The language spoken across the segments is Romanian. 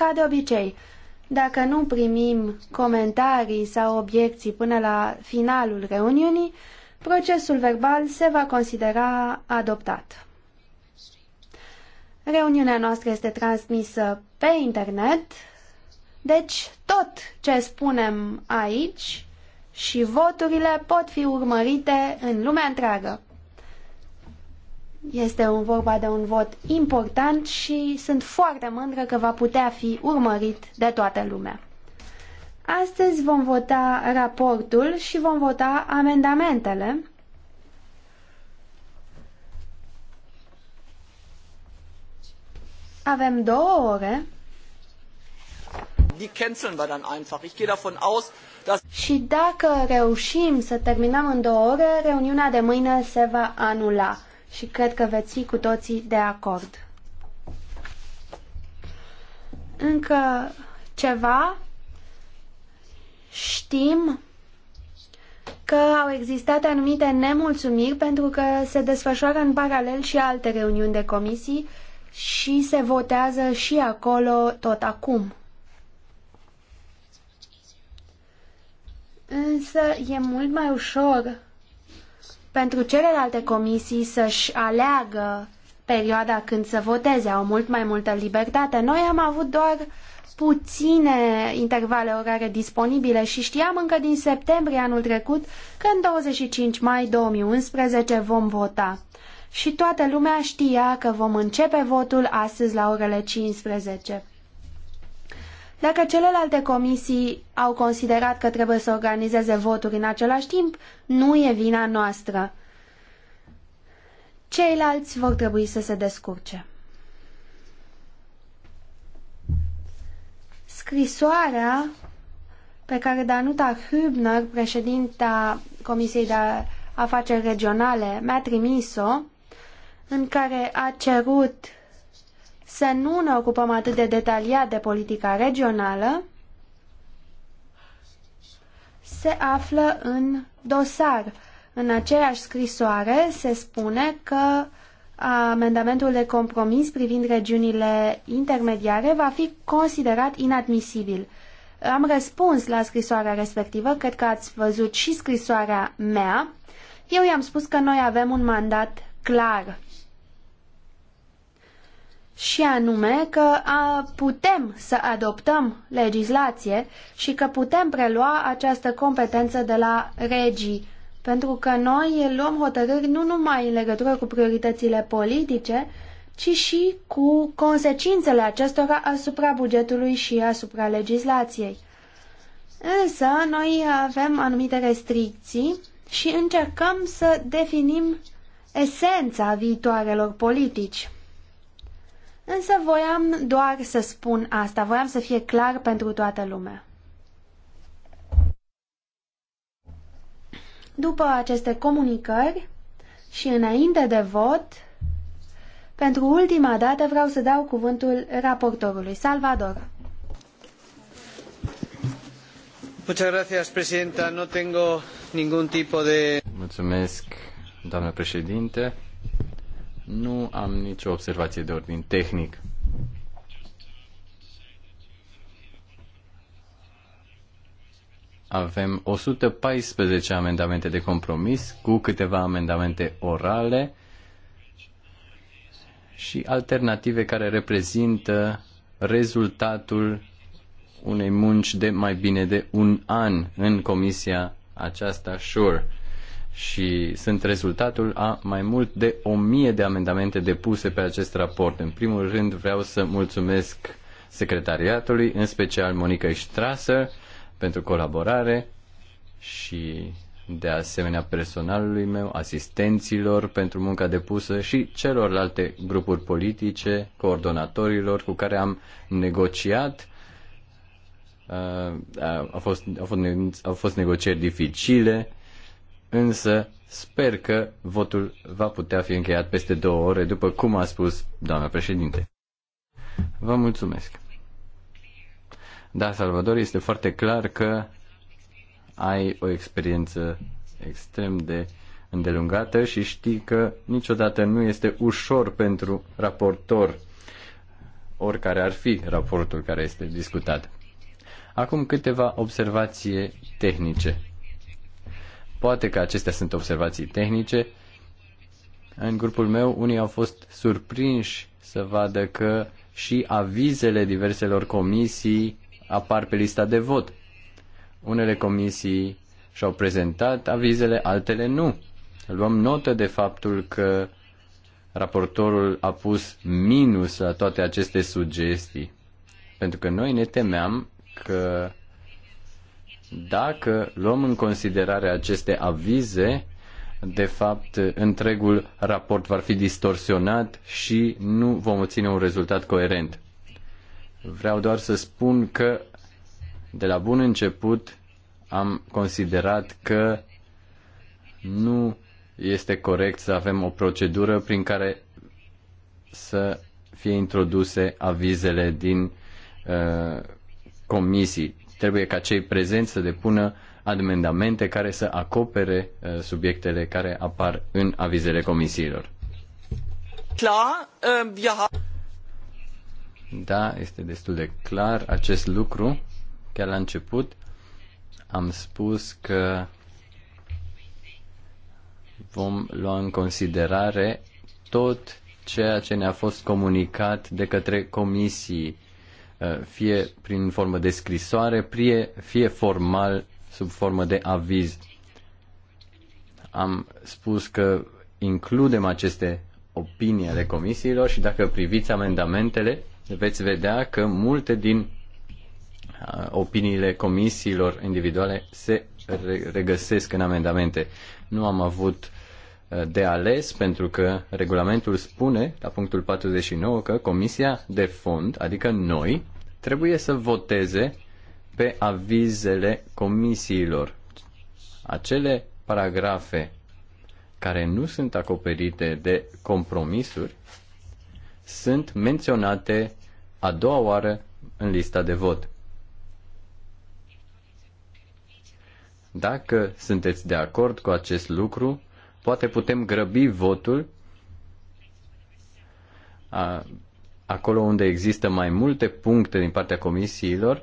Ca de obicei, dacă nu primim comentarii sau obiecții până la finalul reuniunii, procesul verbal se va considera adoptat. Reuniunea noastră este transmisă pe internet, deci tot ce spunem aici și voturile pot fi urmărite în lumea întreagă. Este un vorba de un vot important și sunt foarte mândră că va putea fi urmărit de toată lumea. Astăzi vom vota raportul și vom vota amendamentele. Avem două ore. Die canceln wir dann einfach. Ich gehe davon aus, dass Și dacă reușim să terminăm în două ore, reuniunea de mâine se va anula și cred că veți fi cu toții de acord. Încă ceva știm că au existat anumite nemulțumiri pentru că se desfășoară în paralel și alte reuniuni de comisii și se votează și acolo tot acum. Însă e mult mai ușor pentru celelalte comisii să-și aleagă perioada când să voteze, au mult mai multă libertate. Noi am avut doar puține intervale orare disponibile și știam încă din septembrie anul trecut că în 25 mai 2011 vom vota. Și toată lumea știa că vom începe votul astăzi la orele 15. Dacă celelalte comisii au considerat că trebuie să organizeze voturi în același timp, nu e vina noastră. Ceilalți vor trebui să se descurce. Scrisoarea pe care Danuta Hübner, președinta Comisiei de Afaceri Regionale, mi-a trimis-o, în care a cerut să nu ne ocupăm atât de detaliat de politica regională se află în dosar. În aceeași scrisoare se spune că amendamentul de compromis privind regiunile intermediare va fi considerat inadmisibil. Am răspuns la scrisoarea respectivă, cred că ați văzut și scrisoarea mea. Eu i-am spus că noi avem un mandat clar și anume că putem să adoptăm legislație și că putem prelua această competență de la regii, pentru că noi luăm hotărâri nu numai în legătură cu prioritățile politice, ci și cu consecințele acestora asupra bugetului și asupra legislației. Însă, noi avem anumite restricții și încercăm să definim esența viitoarelor politici. Însă voiam doar să spun asta, voiam să fie clar pentru toată lumea. După aceste comunicări și înainte de vot, pentru ultima dată vreau să dau cuvântul raportorului Salvador. Mulțumesc, doamnă președinte. Nu am nicio observație de ordin tehnic. Avem 114 amendamente de compromis cu câteva amendamente orale și alternative care reprezintă rezultatul unei munci de mai bine de un an în comisia aceasta, SURE și sunt rezultatul a mai mult de o mie de amendamente depuse pe acest raport. În primul rând vreau să mulțumesc secretariatului, în special Monica Strasser pentru colaborare și de asemenea personalului meu, asistenților pentru munca depusă și celorlalte grupuri politice, coordonatorilor cu care am negociat. Uh, au, fost, au, fost, au fost negocieri dificile, însă sper că votul va putea fi încheiat peste două ore, după cum a spus doamna președinte. Vă mulțumesc. Da, Salvador, este foarte clar că ai o experiență extrem de îndelungată și știi că niciodată nu este ușor pentru raportor, oricare ar fi raportul care este discutat. Acum câteva observații tehnice. Poate că acestea sunt observații tehnice. În grupul meu, unii au fost surprinși să vadă că și avizele diverselor comisii apar pe lista de vot. Unele comisii și-au prezentat avizele, altele nu. Luăm notă de faptul că raportorul a pus minus la toate aceste sugestii, pentru că noi ne temeam că dacă luăm în considerare aceste avize, de fapt, întregul raport va fi distorsionat și nu vom obține un rezultat coerent. Vreau doar să spun că de la bun început am considerat că nu este corect să avem o procedură prin care să fie introduse avizele din uh, comisii. Trebuie ca cei prezenți să depună amendamente care să acopere uh, subiectele care apar în avizele comisiilor. Clar, um, Da, este destul de clar acest lucru. Chiar la început am spus că vom lua în considerare tot ceea ce ne-a fost comunicat de către comisii Eh, fie prin formă de scrisoare, fie, fie formal sub formă de aviz. Am spus că includem aceste opinii ale comisiilor și dacă priviți amendamentele, veți vedea că multe din eh, opiniile comisiilor individuale se regăsesc în amendamente. Nu am avut de ales pentru că regulamentul spune, la punctul 49, că Comisia de Fond, adică noi, trebuie să voteze pe avizele comisiilor. Acele paragrafe care nu sunt acoperite de compromisuri sunt menționate a doua oară în lista de vot. Dacă sunteți de acord cu acest lucru, poate putem grăbi votul a, acolo unde există mai multe puncte din partea comisiilor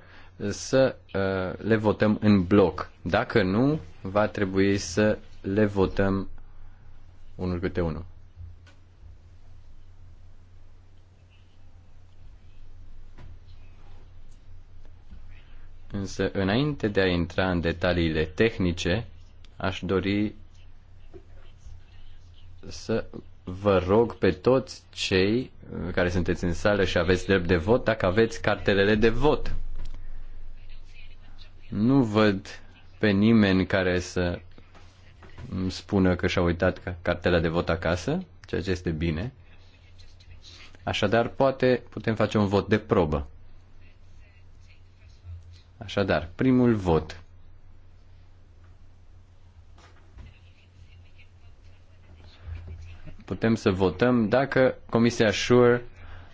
să a, le votăm în bloc. Dacă nu, va trebui să le votăm unul câte unul. Însă, înainte de a intra în detaliile tehnice, aș dori să vă rog pe toți cei uh, care sunteți în sală și aveți drept de vot, dacă aveți cartelele de vot. Nu văd pe nimeni care să îmi spună că și-a uitat cartela de vot acasă, ceea ce este bine. Așadar, poate putem face un vot de probă. Așadar, primul vot putem să votăm dacă Comisia Sure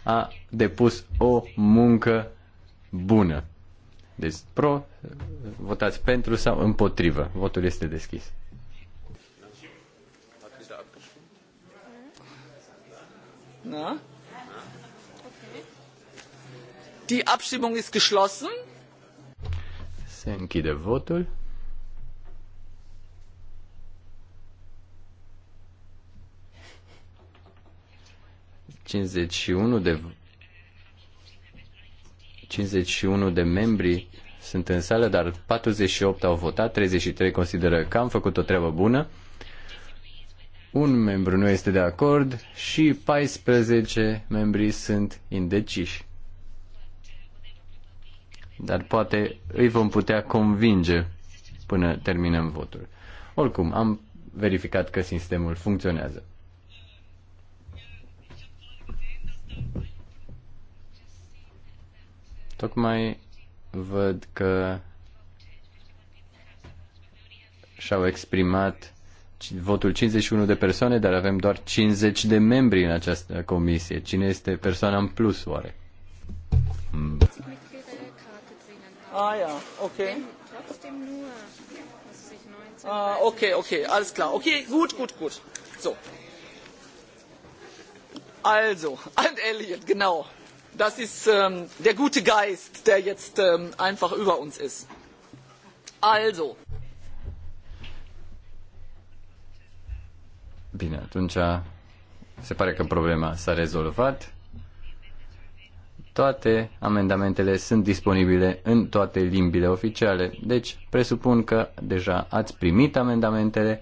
a depus o muncă bună. Deci pro, votați pentru sau împotrivă. Votul este deschis. Na? Die Abstimmung ist geschlossen. Se închide votul. 51 de 51 de membri sunt în sală, dar 48 au votat, 33 consideră că am făcut o treabă bună, un membru nu este de acord și 14 membri sunt indeciși. Dar poate îi vom putea convinge până terminăm votul. Oricum, am verificat că sistemul funcționează. Tocmai văd că și-au exprimat votul 51 de persoane, dar avem doar 50 de membri în această comisie. Cine este persoana în plus, oare? Mm. Ah, ja, okay. Ah, okay, okay, alles klar. Okay, gut, gut, gut. So also ant elliot genau das ist ähm, der gute geist der jetzt ähm, einfach über uns ist. also Bine, atunci se pare că problema s-a rezolvat. Toate amendamentele sunt disponibile în toate limbile oficiale, deci presupun că deja ați primit amendamentele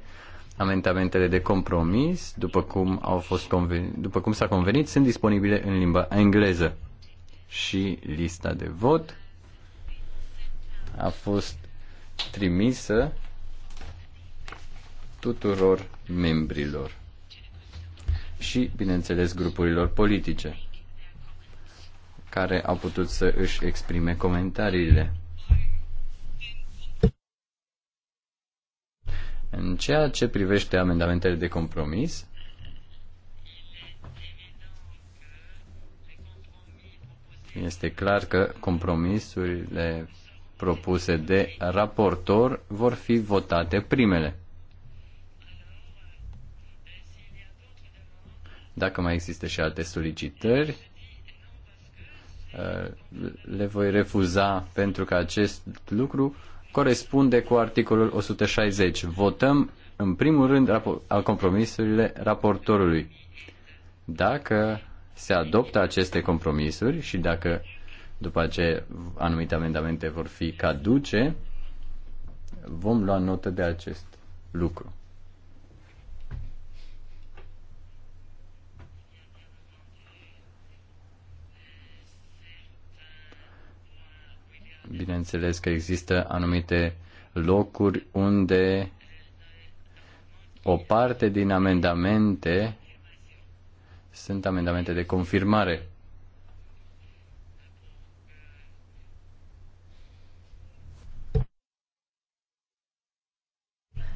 Amendamentele de compromis, după cum, au fost conveni, după cum s-a convenit, sunt disponibile în limba engleză. Și lista de vot a fost trimisă tuturor membrilor și, bineînțeles, grupurilor politice care au putut să își exprime comentariile. În ceea ce privește amendamentele de compromis, este clar că compromisurile propuse de raportor vor fi votate primele. Dacă mai există și alte solicitări, uh, le voi refuza pentru că acest lucru corespunde cu articolul 160. Votăm în primul rând al compromisurile raportorului. Dacă se adoptă aceste compromisuri și dacă după ce anumite amendamente vor fi caduce, vom lua notă de acest lucru. Bineînțeles că există anumite locuri unde o parte din amendamente sunt amendamente de confirmare.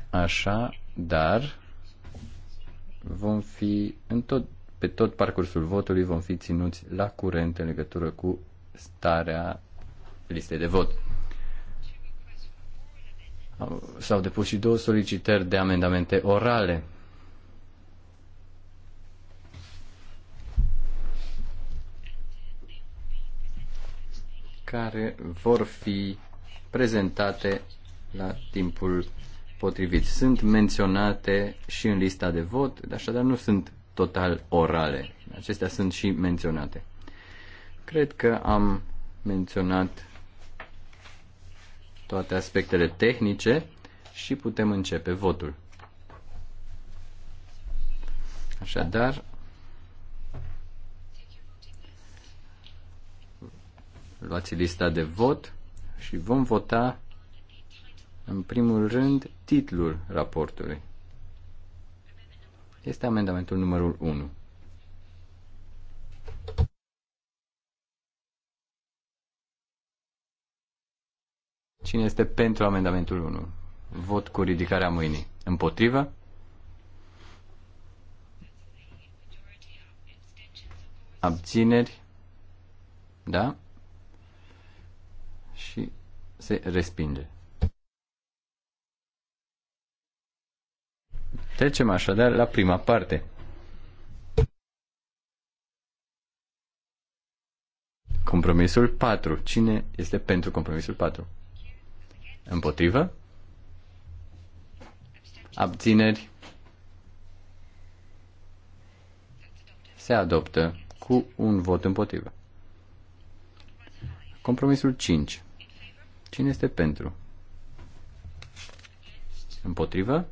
Așa, dar vom fi în tot, pe tot parcursul votului vom fi ținuți la curent în legătură cu starea liste de vot. S-au depus și două solicitări de amendamente orale. care vor fi prezentate la timpul potrivit. Sunt menționate și în lista de vot, așadar nu sunt total orale. Acestea sunt și menționate. Cred că am menționat toate aspectele tehnice și putem începe votul. Așadar, luați lista de vot și vom vota în primul rând titlul raportului. Este amendamentul numărul 1. Cine este pentru amendamentul 1? Vot cu ridicarea mâinii. Împotrivă? Abțineri? Da? Și se respinge. Trecem așadar la prima parte. Compromisul 4. Cine este pentru compromisul 4? Împotrivă? Abțineri? Se adoptă cu un vot împotrivă. Compromisul 5. Cine este pentru? Împotrivă?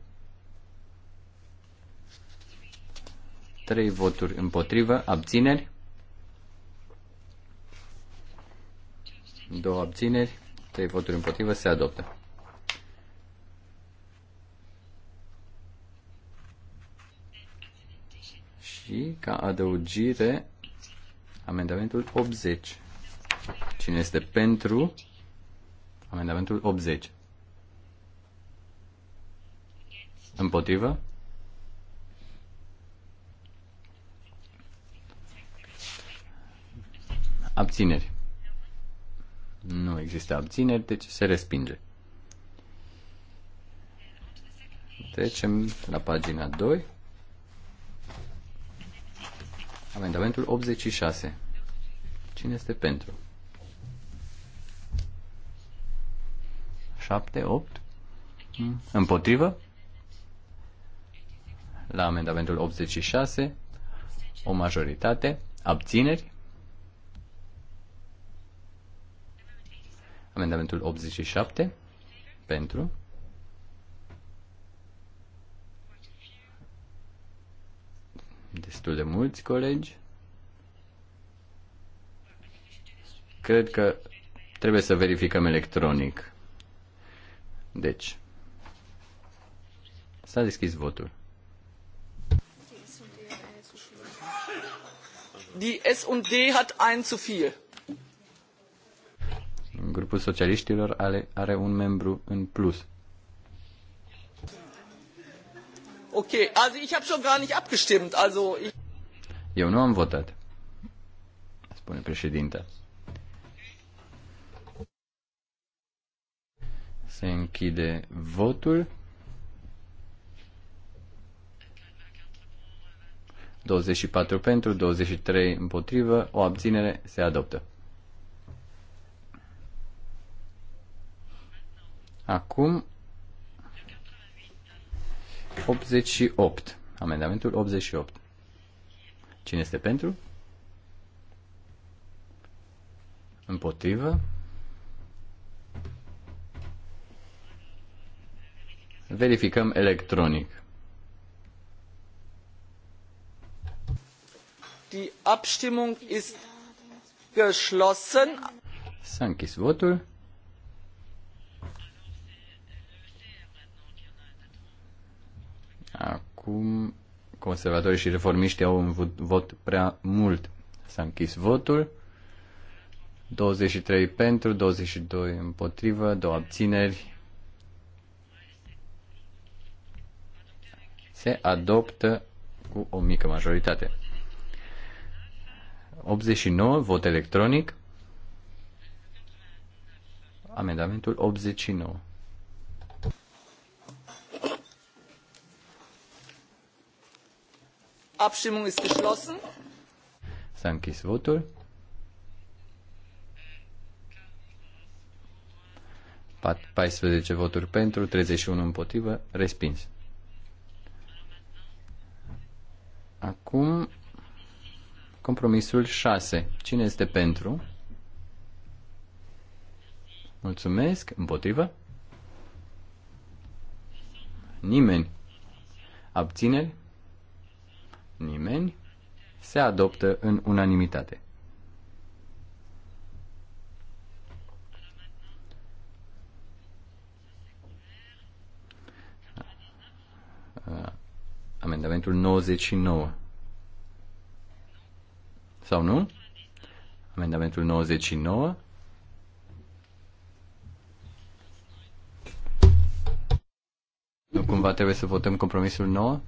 Trei voturi împotrivă. Abțineri? Două abțineri. 3 voturi împotrivă, se adoptă. Și ca adăugire, amendamentul 80. Cine este pentru amendamentul 80? Împotrivă? Abțineri. Nu există abțineri, deci se respinge. Trecem la pagina 2. Amendamentul 86. Cine este pentru? 7, 8. Împotrivă? La amendamentul 86, o majoritate, abțineri, Amendamentul 87 pentru. Destul de mulți colegi. Cred că trebuie să verificăm electronic. Deci, s-a deschis votul. Die S&D hat ein zu viel. Grupul socialiștilor are, are un membru în plus. Ok, also ich habe schon gar nicht abgestimmt, also ich... Eu nu am votat, spune președinte. Se închide votul. 24 pentru, 23 împotrivă, o abținere se adoptă. Acum 88. Amendamentul 88. Cine este pentru? Împotrivă? Verificăm electronic. Die Abstimmung ist geschlossen. S-a închis votul. Acum conservatorii și reformiștii au un vot prea mult. S-a închis votul. 23 pentru, 22 împotrivă, două abțineri. Se adoptă cu o mică majoritate. 89, vot electronic. Amendamentul 89. Abstimmung ist geschlossen. S-a închis votul. 14 voturi pentru, 31 împotrivă, respins. Acum, compromisul 6. Cine este pentru? Mulțumesc. Împotrivă? Nimeni. Abțineri? Nimeni? Se adoptă în unanimitate. Amendamentul 99. Sau nu? Amendamentul 99. Nu cumva trebuie să votăm compromisul 9?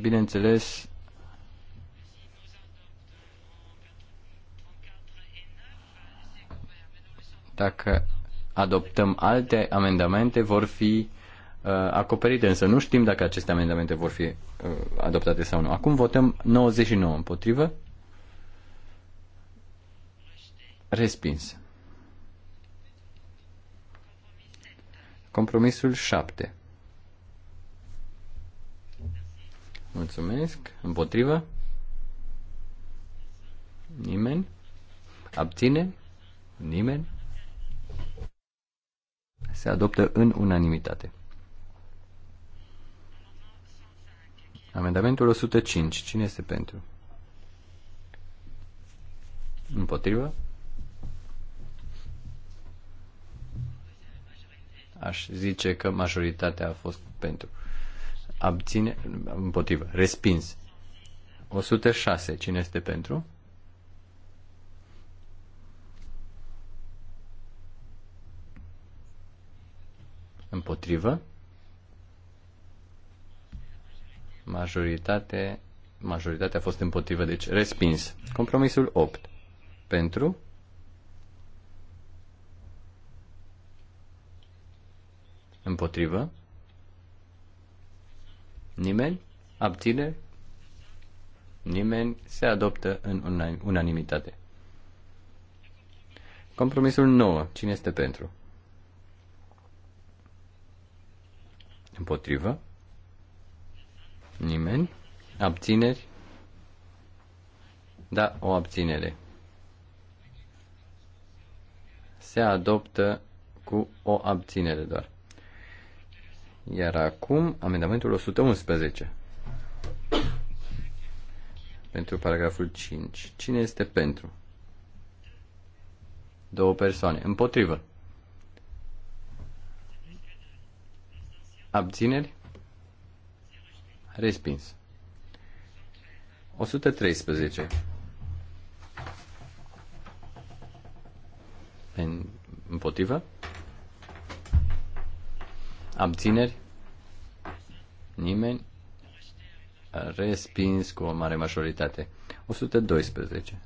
bineînțeles, dacă adoptăm alte amendamente, vor fi uh, acoperite, însă nu știm dacă aceste amendamente vor fi uh, adoptate sau nu. Acum votăm 99 împotrivă. Respins. Compromisul 7. Mulțumesc. Împotrivă? Nimeni? Abține? Nimeni? Se adoptă în unanimitate. Amendamentul 105. Cine este pentru? Împotrivă? Aș zice că majoritatea a fost pentru abține, împotrivă, respins. 106. Cine este pentru? Împotrivă. Majoritate, majoritatea a fost împotrivă, deci respins. Compromisul 8. Pentru? Împotrivă. Nimeni? Abține? Nimeni se adoptă în unanimitate. Compromisul 9. Cine este pentru? Împotrivă? Nimeni? Abțineri? Da, o abținere. Se adoptă cu o abținere doar. Iar acum, amendamentul 111. Pentru paragraful 5. Cine este pentru? Două persoane. Împotrivă. Abțineri? Respins. 113. împotrivă? Abțineri? Nimeni? Respins cu o mare majoritate. 112.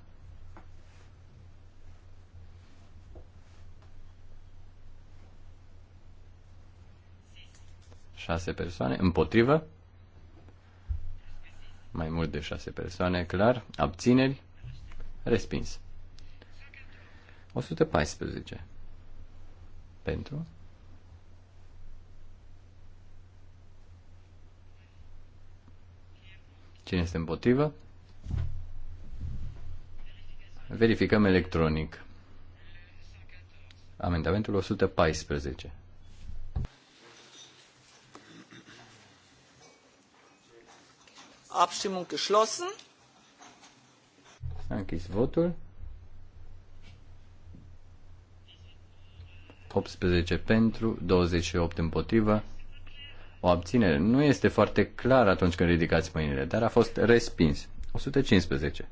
Șase persoane. Împotrivă? Mai mult de șase persoane, clar. Abțineri? Respins. 114. Pentru? Cine este împotrivă? Verificăm electronic. Amendamentul 114. Abstimmung geschlossen. A închis votul. 18 pentru, 28 împotrivă, o abținere. Nu este foarte clar atunci când ridicați mâinile, dar a fost respins. 115.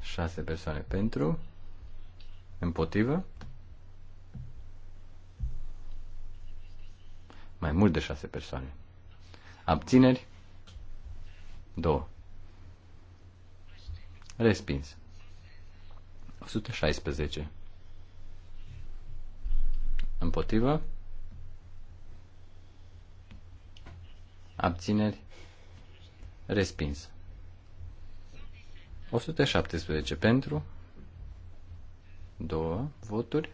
Șase persoane pentru, împotrivă, mai mult de șase persoane. Abțineri, două. Respins. 116. Împotrivă? Abțineri? Respins. 117 pentru. 2 voturi.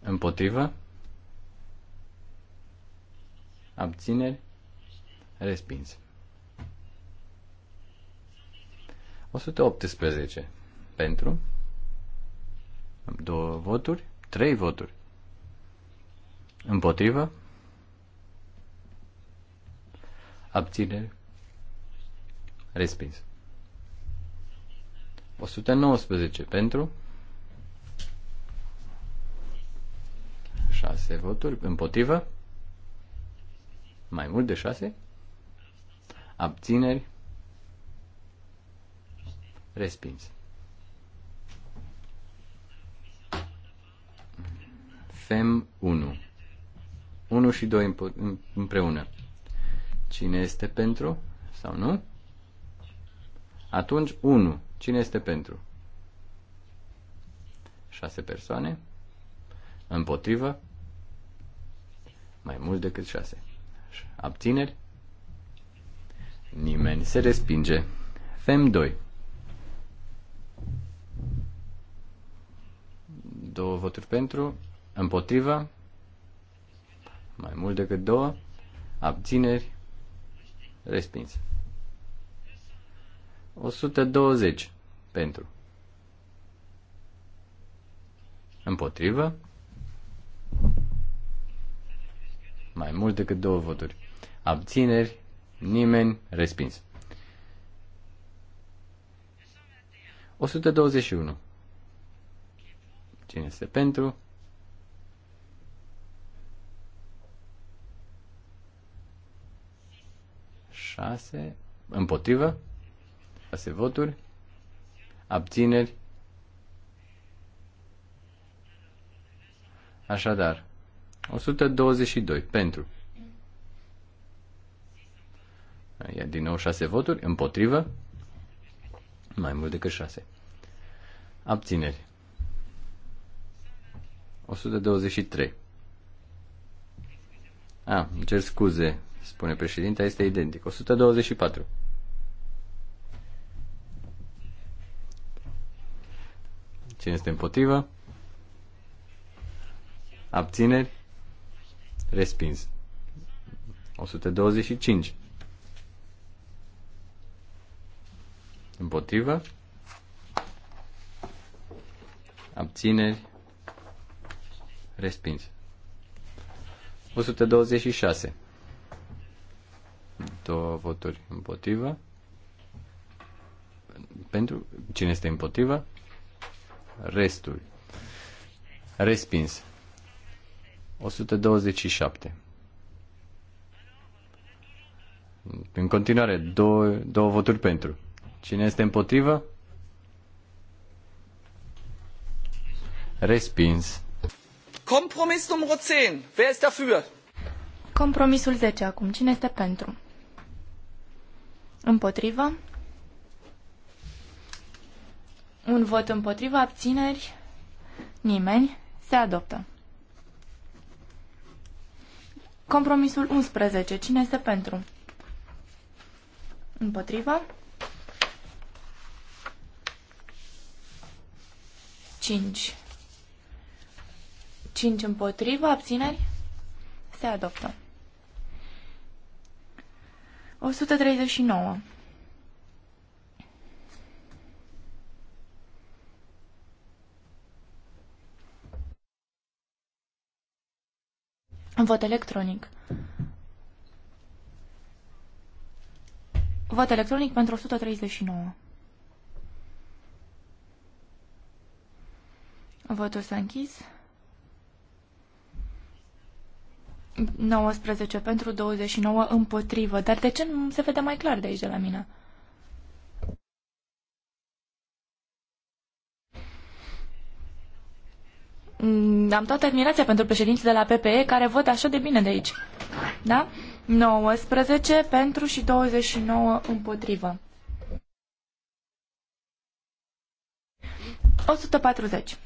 Împotrivă? Abțineri? Respins. 118 pentru. 2 voturi. 3 voturi. Împotrivă? Abțineri? Respins. 119 pentru. 6 voturi. Împotrivă? Mai mult de 6? Abțineri? Respins. FEM 1 1 și 2 împreună. Cine este pentru sau nu? Atunci 1. Cine este pentru? 6 persoane. Împotrivă? Mai mult decât 6. Abțineri? Nimeni se respinge. Fem 2. Două voturi pentru, împotriva, mai mult decât două, abțineri, respins. 120 pentru. Împotrivă. Mai mult decât două voturi. Abțineri, nimeni, respins. 121. Cine este pentru? 6 împotrivă, 6 voturi, abțineri. Așadar, 122 pentru. Ia din nou 6 voturi, împotrivă, mai mult decât 6. Abțineri. 123. A, ah, îmi cer scuze, spune președinta, este identic. 124. Cine este împotrivă? Abțineri? Respins. 125. Împotrivă? Abțineri? Respins. 126. Două voturi împotrivă. Pentru cine este împotrivă? Restul. Respins. 127. În continuare, două, două voturi pentru. Cine este împotrivă? Respins. Compromis numărul 10. Wer este dafür? Compromisul 10 acum. Cine este pentru? Împotrivă. Un vot împotrivă, abțineri, nimeni, se adoptă. Compromisul 11. Cine este pentru? Împotrivă. 5. 5 împotrivă, abțineri, se adoptă. 139. Vot electronic. Vot electronic pentru 139. Votul s-a închis. 19 pentru 29 împotrivă. Dar de ce nu se vede mai clar de aici de la mine? Mm, am toată admirația pentru președinții de la PPE care văd așa de bine de aici. Da? 19 pentru și 29 împotrivă. 140.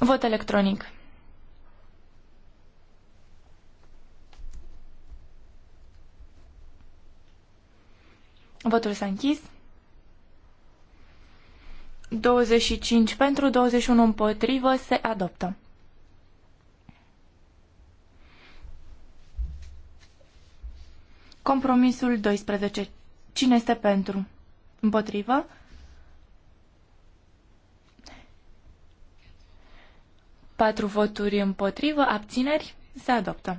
Vot electronic. Votul s-a închis. 25 pentru, 21 împotrivă, se adoptă. Compromisul 12. Cine este pentru? Împotrivă? 4 voturi împotrivă, abțineri, se adoptă.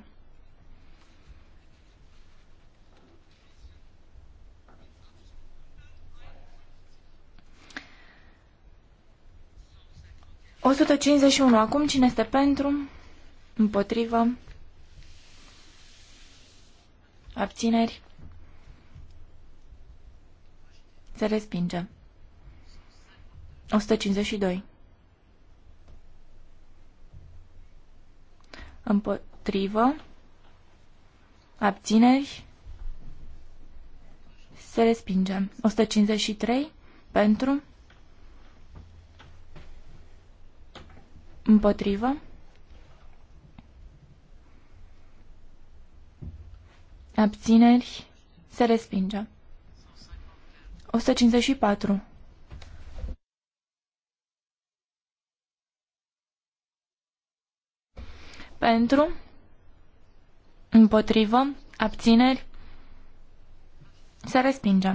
O Acum cine este pentru? Împotrivă? Abțineri? Se respinge. 152. împotrivă, abțineri, se respinge. 153 pentru, împotrivă, abțineri, se respinge. 154 Pentru? Împotrivă? Abțineri? Se respinge.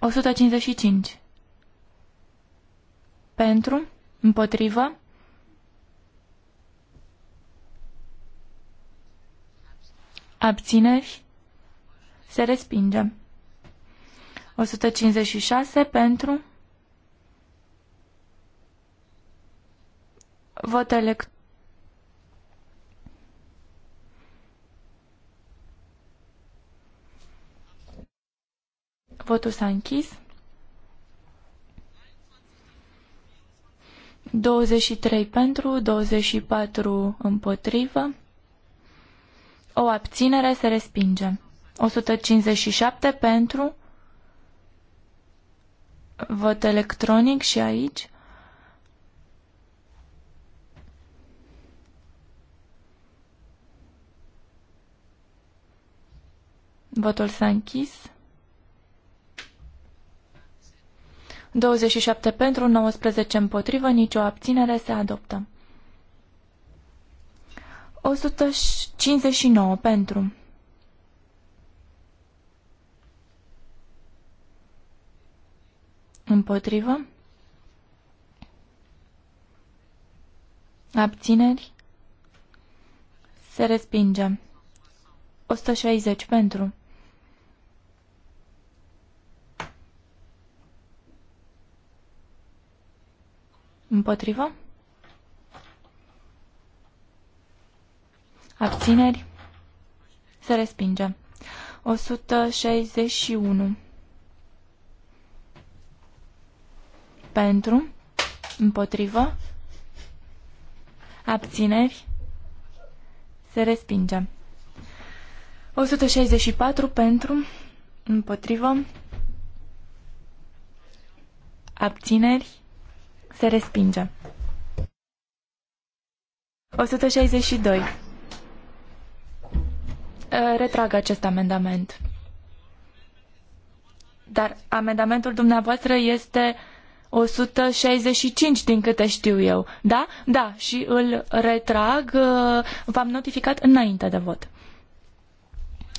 155. Pentru? Împotrivă? Abțineri? Se respinge. 156 pentru Vot electronic. Votul s-a închis. 23 pentru, 24 împotrivă. O abținere se respinge. 157 pentru. Vot electronic și aici. Votul s-a închis. 27 pentru, 19 împotrivă, nicio abținere se adoptă. 159 pentru. Împotrivă. Abțineri. Se respinge. 160 pentru. Împotrivă? Abțineri? Se respinge. 161. Pentru? Împotrivă? Abțineri? Se respinge. 164 pentru, împotrivă, abțineri, se respinge. 162. Ă, retrag acest amendament. Dar amendamentul dumneavoastră este 165 din câte știu eu. Da? Da, și îl retrag. Ă, v-am notificat înainte de vot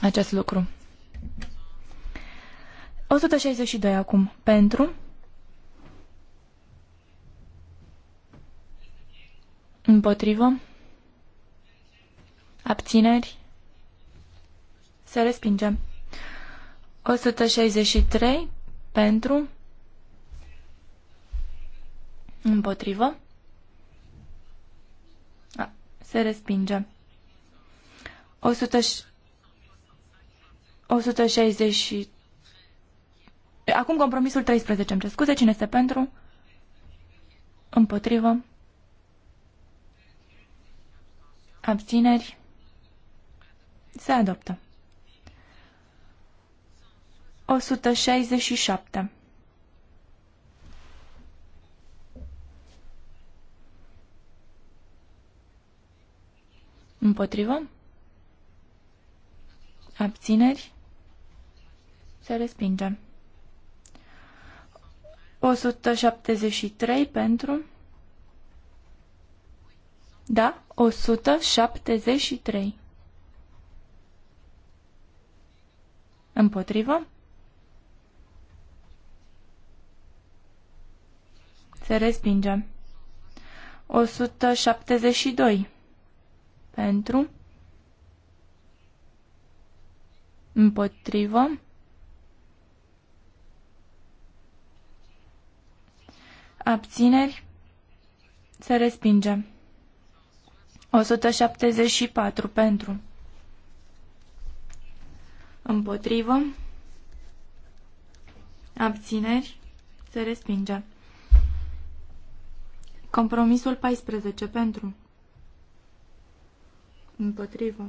acest lucru. 162 acum. Pentru, Împotrivă. Abțineri. Se respinge. 163 pentru. Împotrivă. A, se respinge. 100, 160. Acum compromisul 13, îmi scuze, cine este pentru? Împotrivă. Abțineri. Se adoptă. 167. Împotrivă? Abțineri? Se respinge. 173 pentru da, 173. Împotrivă? Se respinge. 172. Pentru? Împotrivă? Abțineri? Se respinge. 174 pentru. Împotrivă. Abțineri. Se respinge. Compromisul 14 pentru. Împotrivă.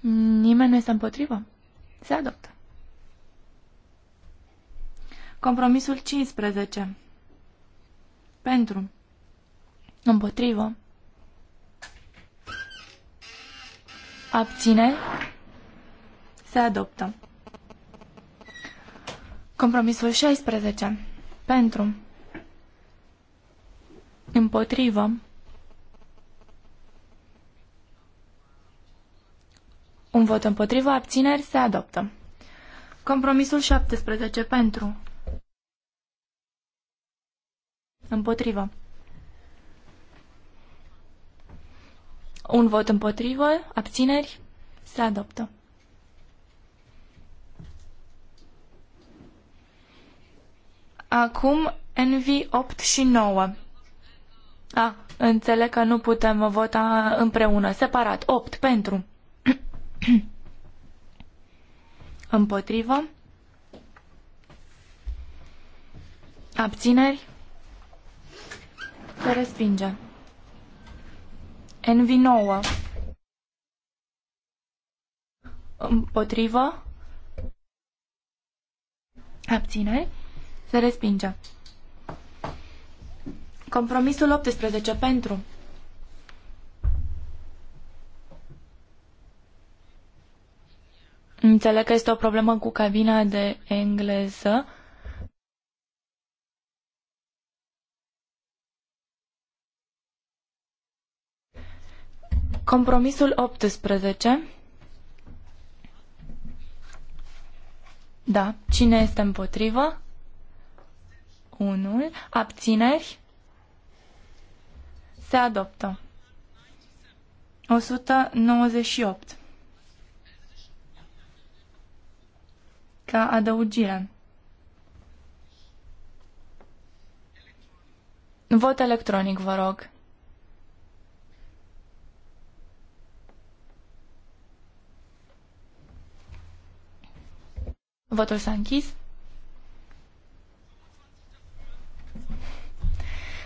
Nimeni nu este împotrivă. Se adoptă. Compromisul 15. Pentru. Împotrivă. Abține. Se adoptă. Compromisul 16. Pentru. Împotrivă. Un vot împotrivă, abțineri, se adoptă. Compromisul 17 pentru. Împotrivă. Un vot împotrivă, abțineri, se adoptă. Acum NV 8 și 9. A, înțeleg că nu putem vota împreună, separat. 8 pentru. Împotrivă. Abțineri. Se respinge. Envi nouă. Împotrivă. Abțineri. Se respinge. Compromisul 18 pentru. Înțeleg că este o problemă cu cabina de engleză. Compromisul 18. Da. Cine este împotrivă? Unul. Abțineri? Se adoptă. 198. Ca adăugire. Vot electronic, vă rog. Votul s-a închis.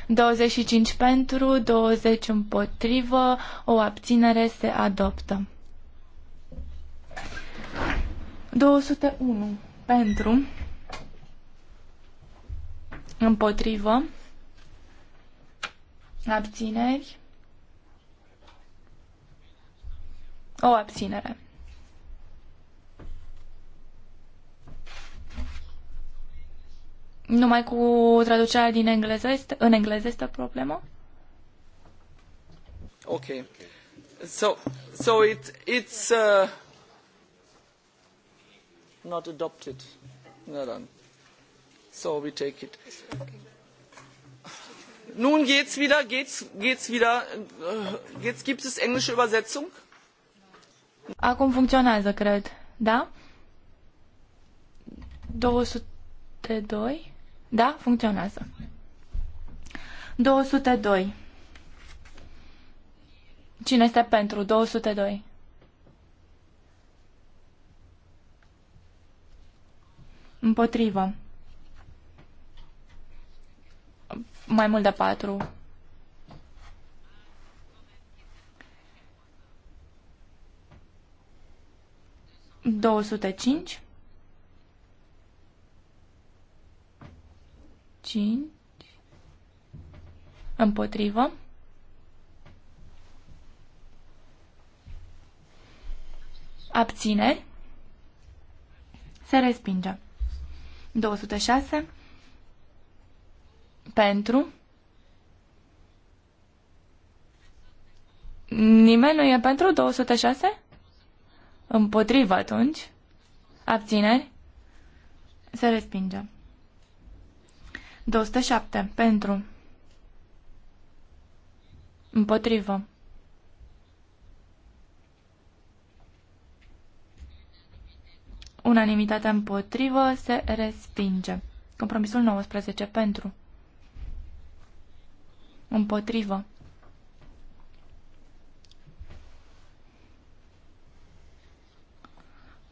25 pentru, 20 împotrivă, o abținere se adoptă. 201 pentru, împotrivă, abțineri, o abținere. Numai cu traducerea din engleză este, în engleză este problemă? Ok. So, so it, it's uh, not adopted. No, no. So we take it. Nun geht's wieder, geht's, geht's wieder, uh, jetzt gibt es englische Übersetzung? Acum funcționează, cred. Da? 202. Da? Funcționează. 202. Cine este pentru 202? Împotrivă. Mai mult de 4. Două sute cinci. 5 împotrivă. Abțineri. Se respinge. 206 pentru. Nimeni nu e pentru 206? Împotrivă atunci. Abțineri. Se respinge. 207. Pentru. Împotrivă. Unanimitatea împotrivă se respinge. Compromisul 19. Pentru. Împotrivă.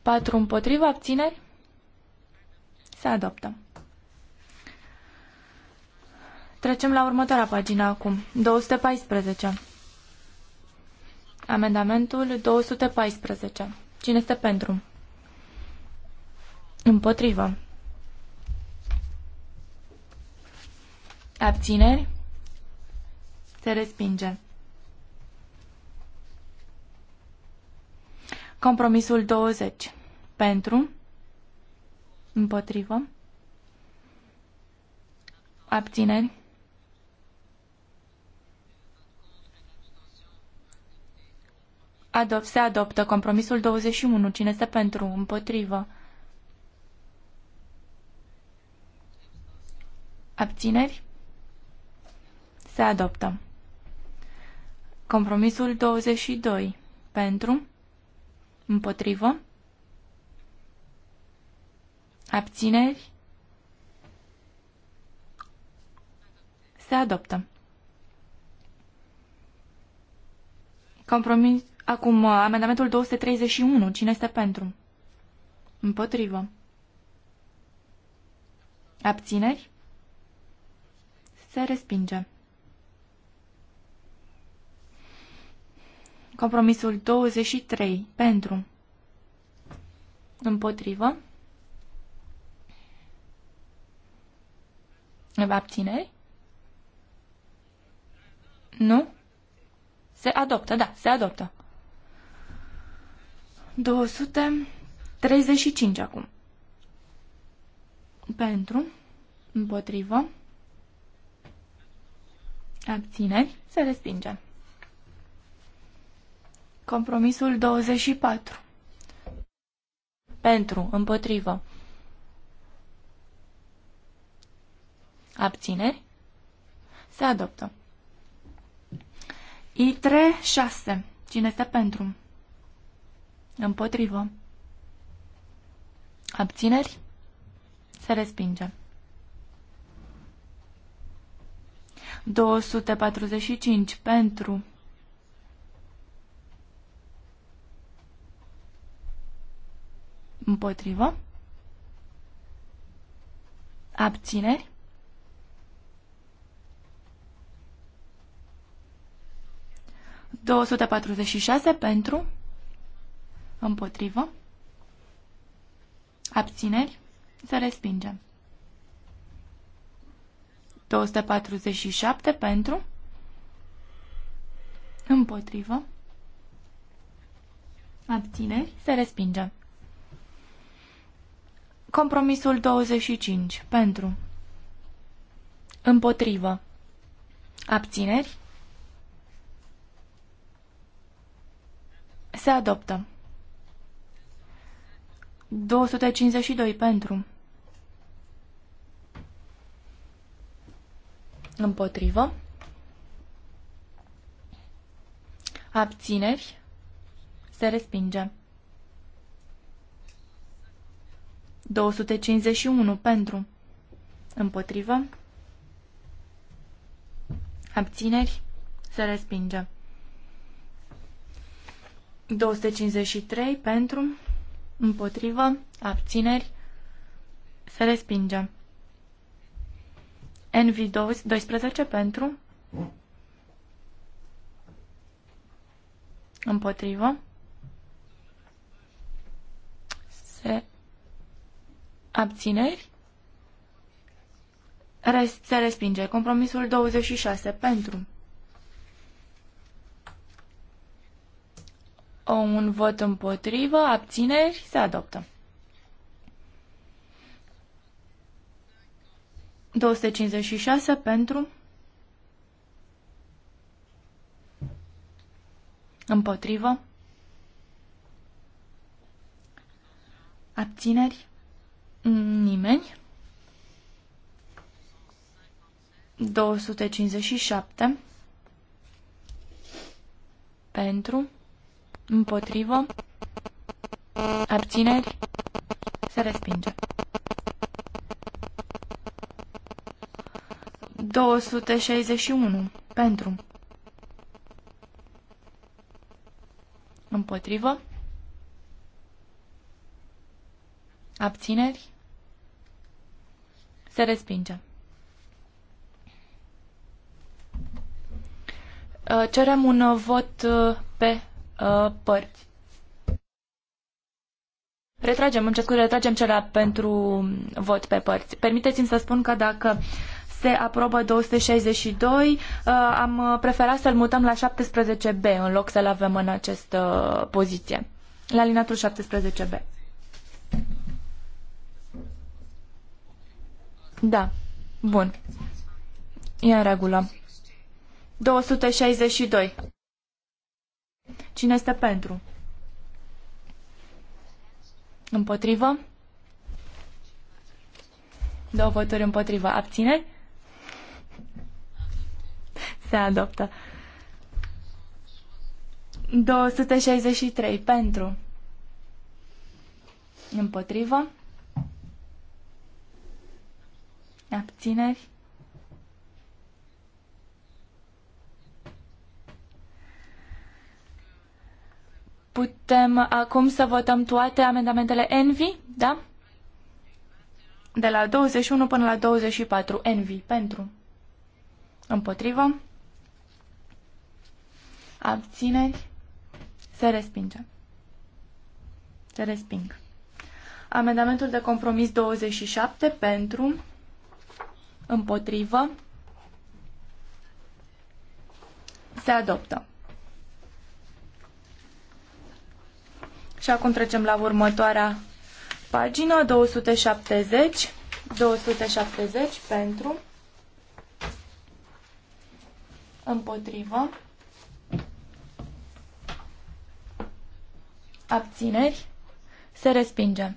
Patru împotrivă, abțineri? Se adoptă. Trecem la următoarea pagină acum. 214. Amendamentul 214. Cine este pentru? Împotrivă. Abțineri? Se respinge. Compromisul 20. Pentru? Împotrivă? Abțineri? Adop, se adoptă compromisul 21. Cine este pentru? Împotrivă. Abțineri? Se adoptă. Compromisul 22. Pentru? Împotrivă? Abțineri? Se adoptă. Compromis Acum, uh, amendamentul 231. Cine este pentru? Împotrivă. Abțineri? Se respinge. Compromisul 23. Pentru. Împotrivă. Abțineri? Nu? Se adoptă, da, se adoptă. 235 acum. Pentru, împotrivă, abțineri, se respinge. Compromisul 24. Pentru, împotrivă, abțineri, se adoptă. I3, 6. Cine este pentru? Împotrivă. Abțineri? Se respinge. 245 pentru împotrivă abțineri două sute patruzeci și șase pentru Împotrivă. Abțineri. Se respinge. 247 pentru. Împotrivă. Abțineri. Se respinge. Compromisul 25. Pentru. Împotrivă. Abțineri. Se adoptă. 252 pentru. Împotrivă. Abțineri. Se respinge. 251 pentru. Împotrivă. Abțineri. Se respinge. 253 pentru împotrivă, abțineri, se respinge. NV12 pentru, împotrivă, se abțineri, se respinge. Compromisul 26 pentru, un vot împotrivă, abțineri, se adoptă. 256 pentru, împotrivă, abțineri, nimeni, 257 pentru, Împotrivă. Abțineri. Se respinge. 261. Pentru. Împotrivă. Abțineri. Se respinge. Cerem un vot uh, pe Uh, părți. Retragem, îmi cer retragem cerea pentru vot pe părți. Permiteți-mi să spun că dacă se aprobă 262, uh, am preferat să-l mutăm la 17B în loc să-l avem în această poziție. La linatul 17B. Da. Bun. E în regulă. 262. Cine este pentru? Împotrivă? Două voturi împotrivă. Abține? Se adoptă. 263 pentru. Împotrivă? Abțineri? Putem acum să votăm toate amendamentele Envy, da? De la 21 până la 24, Envy, pentru. Împotrivă. Abțineri. Se respinge. Se resping. Amendamentul de compromis 27 pentru, împotrivă, se adoptă. Și acum trecem la următoarea pagină, 270. 270 pentru împotrivă abțineri se respinge.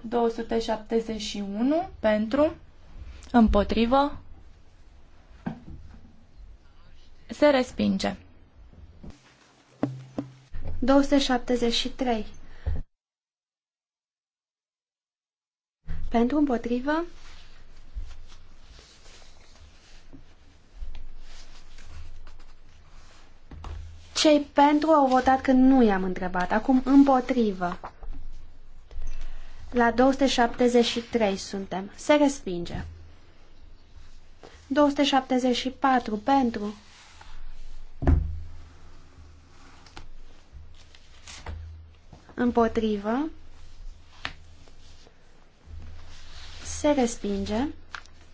271 pentru împotrivă se respinge. 273. Pentru împotrivă. Cei pentru au votat când nu i-am întrebat. Acum împotrivă. La 273 suntem. Se respinge. 274 pentru împotrivă, se respinge,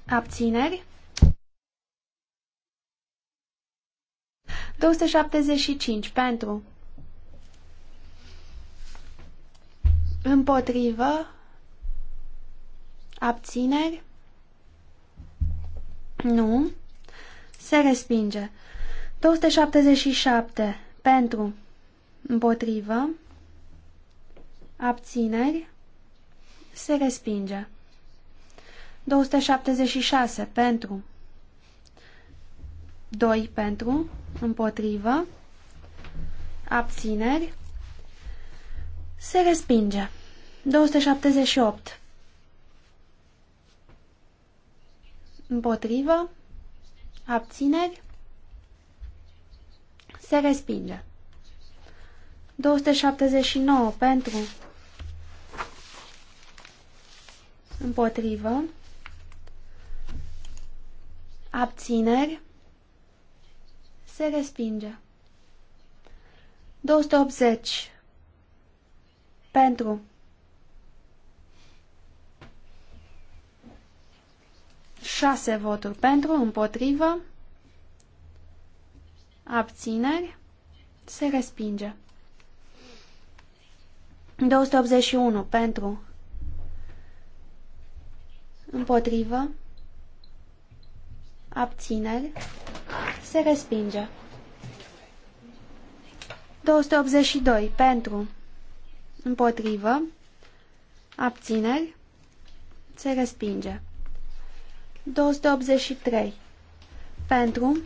abțineri, 275 pentru, împotrivă, abțineri, nu, se respinge, 277 pentru, împotrivă, abțineri, se respinge. 276 pentru, 2 pentru, împotrivă, abțineri, se respinge. 278 împotrivă, abțineri, se respinge. 279 pentru, Împotrivă. Abțineri. Se respinge. 280. Pentru. șase voturi pentru, împotrivă, abțineri, se respinge. 281 pentru, Împotrivă. Abțineri. Se respinge. 282. Pentru. Împotrivă. Abțineri. Se respinge. 283. Pentru.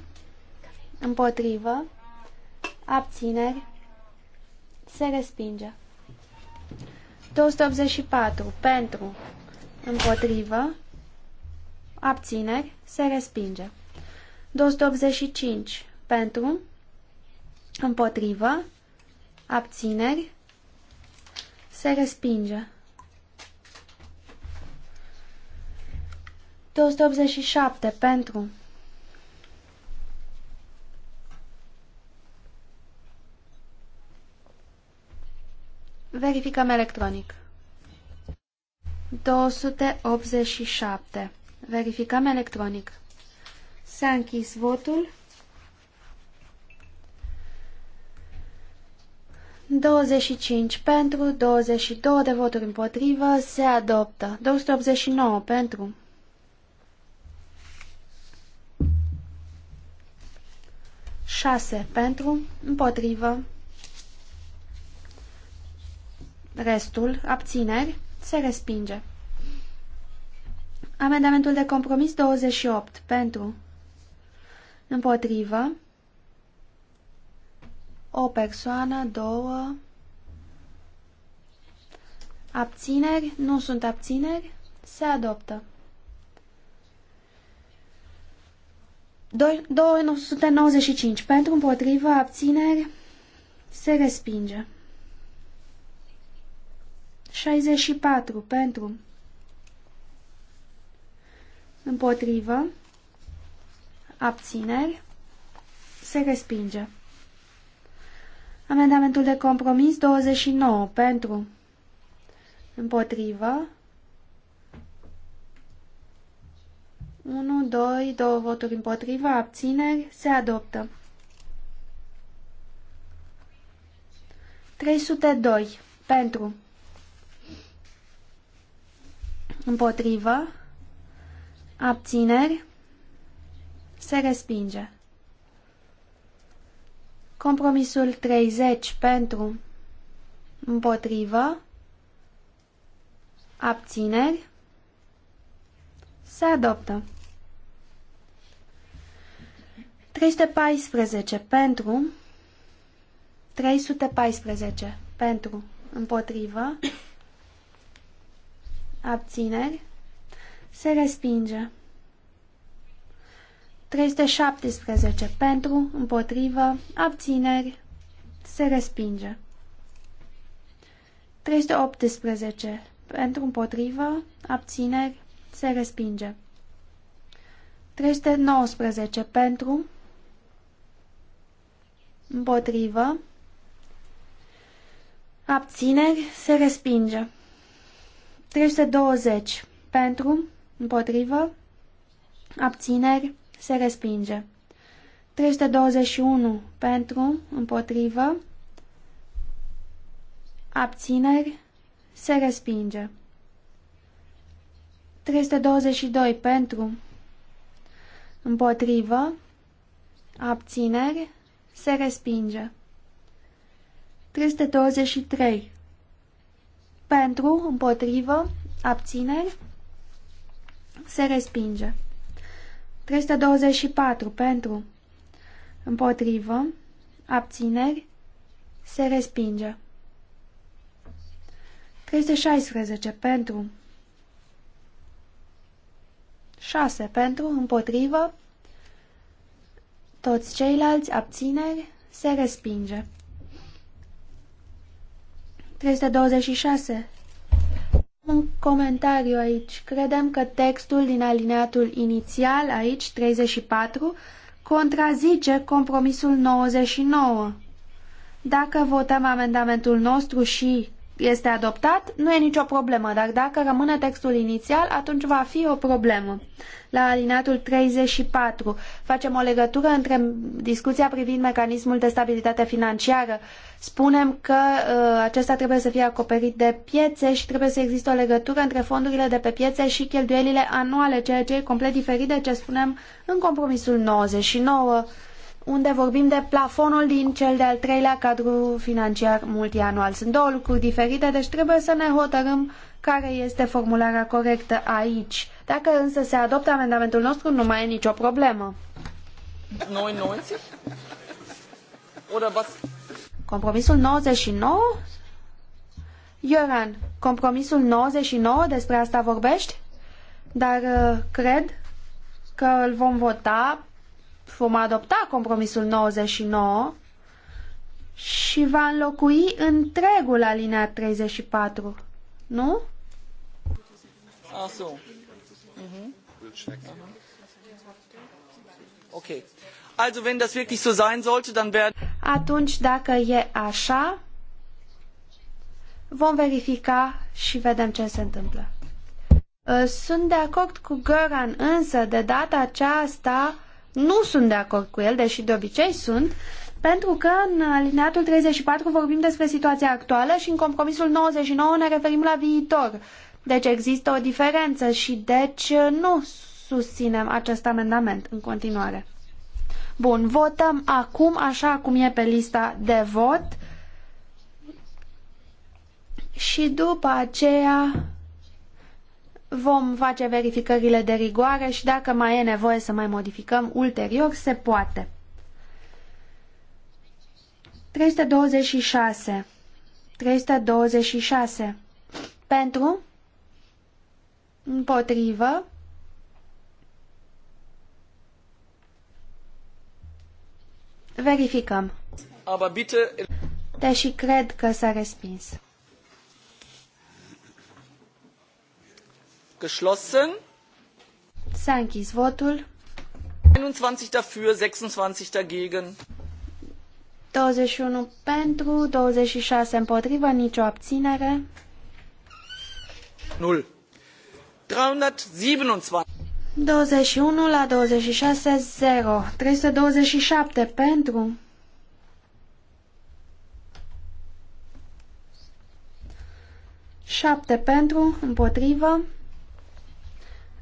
Împotrivă. Abțineri. Se respinge. 284. Pentru. Împotrivă. Abțineri. Se respinge. 285. Pentru. Împotrivă. Abțineri. Se respinge. 287. Pentru. Verificăm electronic. 287. Verificăm electronic. S-a închis votul. 25 pentru, 22 de voturi împotrivă, se adoptă. 289 pentru. Șase pentru, împotrivă. Restul, abțineri. Se respinge. Amendamentul de compromis 28. Pentru. Împotrivă. O persoană, două. Abțineri. Nu sunt abțineri. Se adoptă. 295. Pentru împotrivă abțineri se respinge. 64 pentru împotrivă abțineri se respinge. Amendamentul de compromis 29 pentru împotrivă 1, 2, 2 voturi împotrivă, abțineri, se adoptă. 302 pentru Împotrivă. Abțineri. Se respinge. Compromisul 30 pentru. Împotrivă. Abțineri. Se adoptă. 314 pentru. 314 pentru. Împotrivă abțineri, se respinge. 317 pentru, împotrivă, abțineri, se respinge. 318 pentru, împotrivă, abțineri, se respinge. 319 pentru, împotrivă, abțineri, se respinge. 320 pentru, împotrivă, abțineri, se respinge. 321 pentru, împotrivă, abțineri, se respinge. 322 pentru, împotrivă, abțineri, se respinge. 323 pentru, împotrivă, abțineri, se respinge. 324. Pentru, împotrivă, abțineri, se respinge. 316. Pentru, 6. Pentru, împotrivă, toți ceilalți, abțineri, se respinge. 326. Un comentariu aici. Credem că textul din alineatul inițial, aici, 34, contrazice compromisul 99. Dacă votăm amendamentul nostru și este adoptat, nu e nicio problemă, dar dacă rămâne textul inițial, atunci va fi o problemă. La alineatul 34 facem o legătură între discuția privind mecanismul de stabilitate financiară. Spunem că uh, acesta trebuie să fie acoperit de piețe și trebuie să existe o legătură între fondurile de pe piețe și cheltuielile anuale, ceea ce e complet diferit de ce spunem în compromisul 99 unde vorbim de plafonul din cel de-al treilea cadru financiar multianual. Sunt două lucruri diferite, deci trebuie să ne hotărâm care este formularea corectă aici. Dacă însă se adoptă amendamentul nostru, nu mai e nicio problemă. 99? Oder was? Compromisul 99? Ioran, compromisul 99, despre asta vorbești? Dar uh, cred că îl vom vota vom adopta compromisul 99 și va înlocui întregul alinea 34. Nu? Așa. Mhm. Mhm. Ok. Also, wenn das wirklich so sein sollte, dann werden Atunci dacă e așa, vom verifica și vedem ce se întâmplă. Sunt de acord cu Göran, însă de data aceasta nu sunt de acord cu el, deși de obicei sunt, pentru că în alineatul 34 vorbim despre situația actuală și în compromisul 99 ne referim la viitor. Deci există o diferență și deci nu susținem acest amendament în continuare. Bun, votăm acum așa cum e pe lista de vot și după aceea Vom face verificările de rigoare și dacă mai e nevoie să mai modificăm ulterior, se poate. 326 326 Pentru Împotrivă Verificăm. Deși cred că s-a respins. geschlossen. S-a închis votul. 21 dafür, 26 dagegen. 21 pentru, 26 împotrivă, nicio abținere. 0. 327. 21 la 26, 0. 327 pentru. Șapte pentru, împotrivă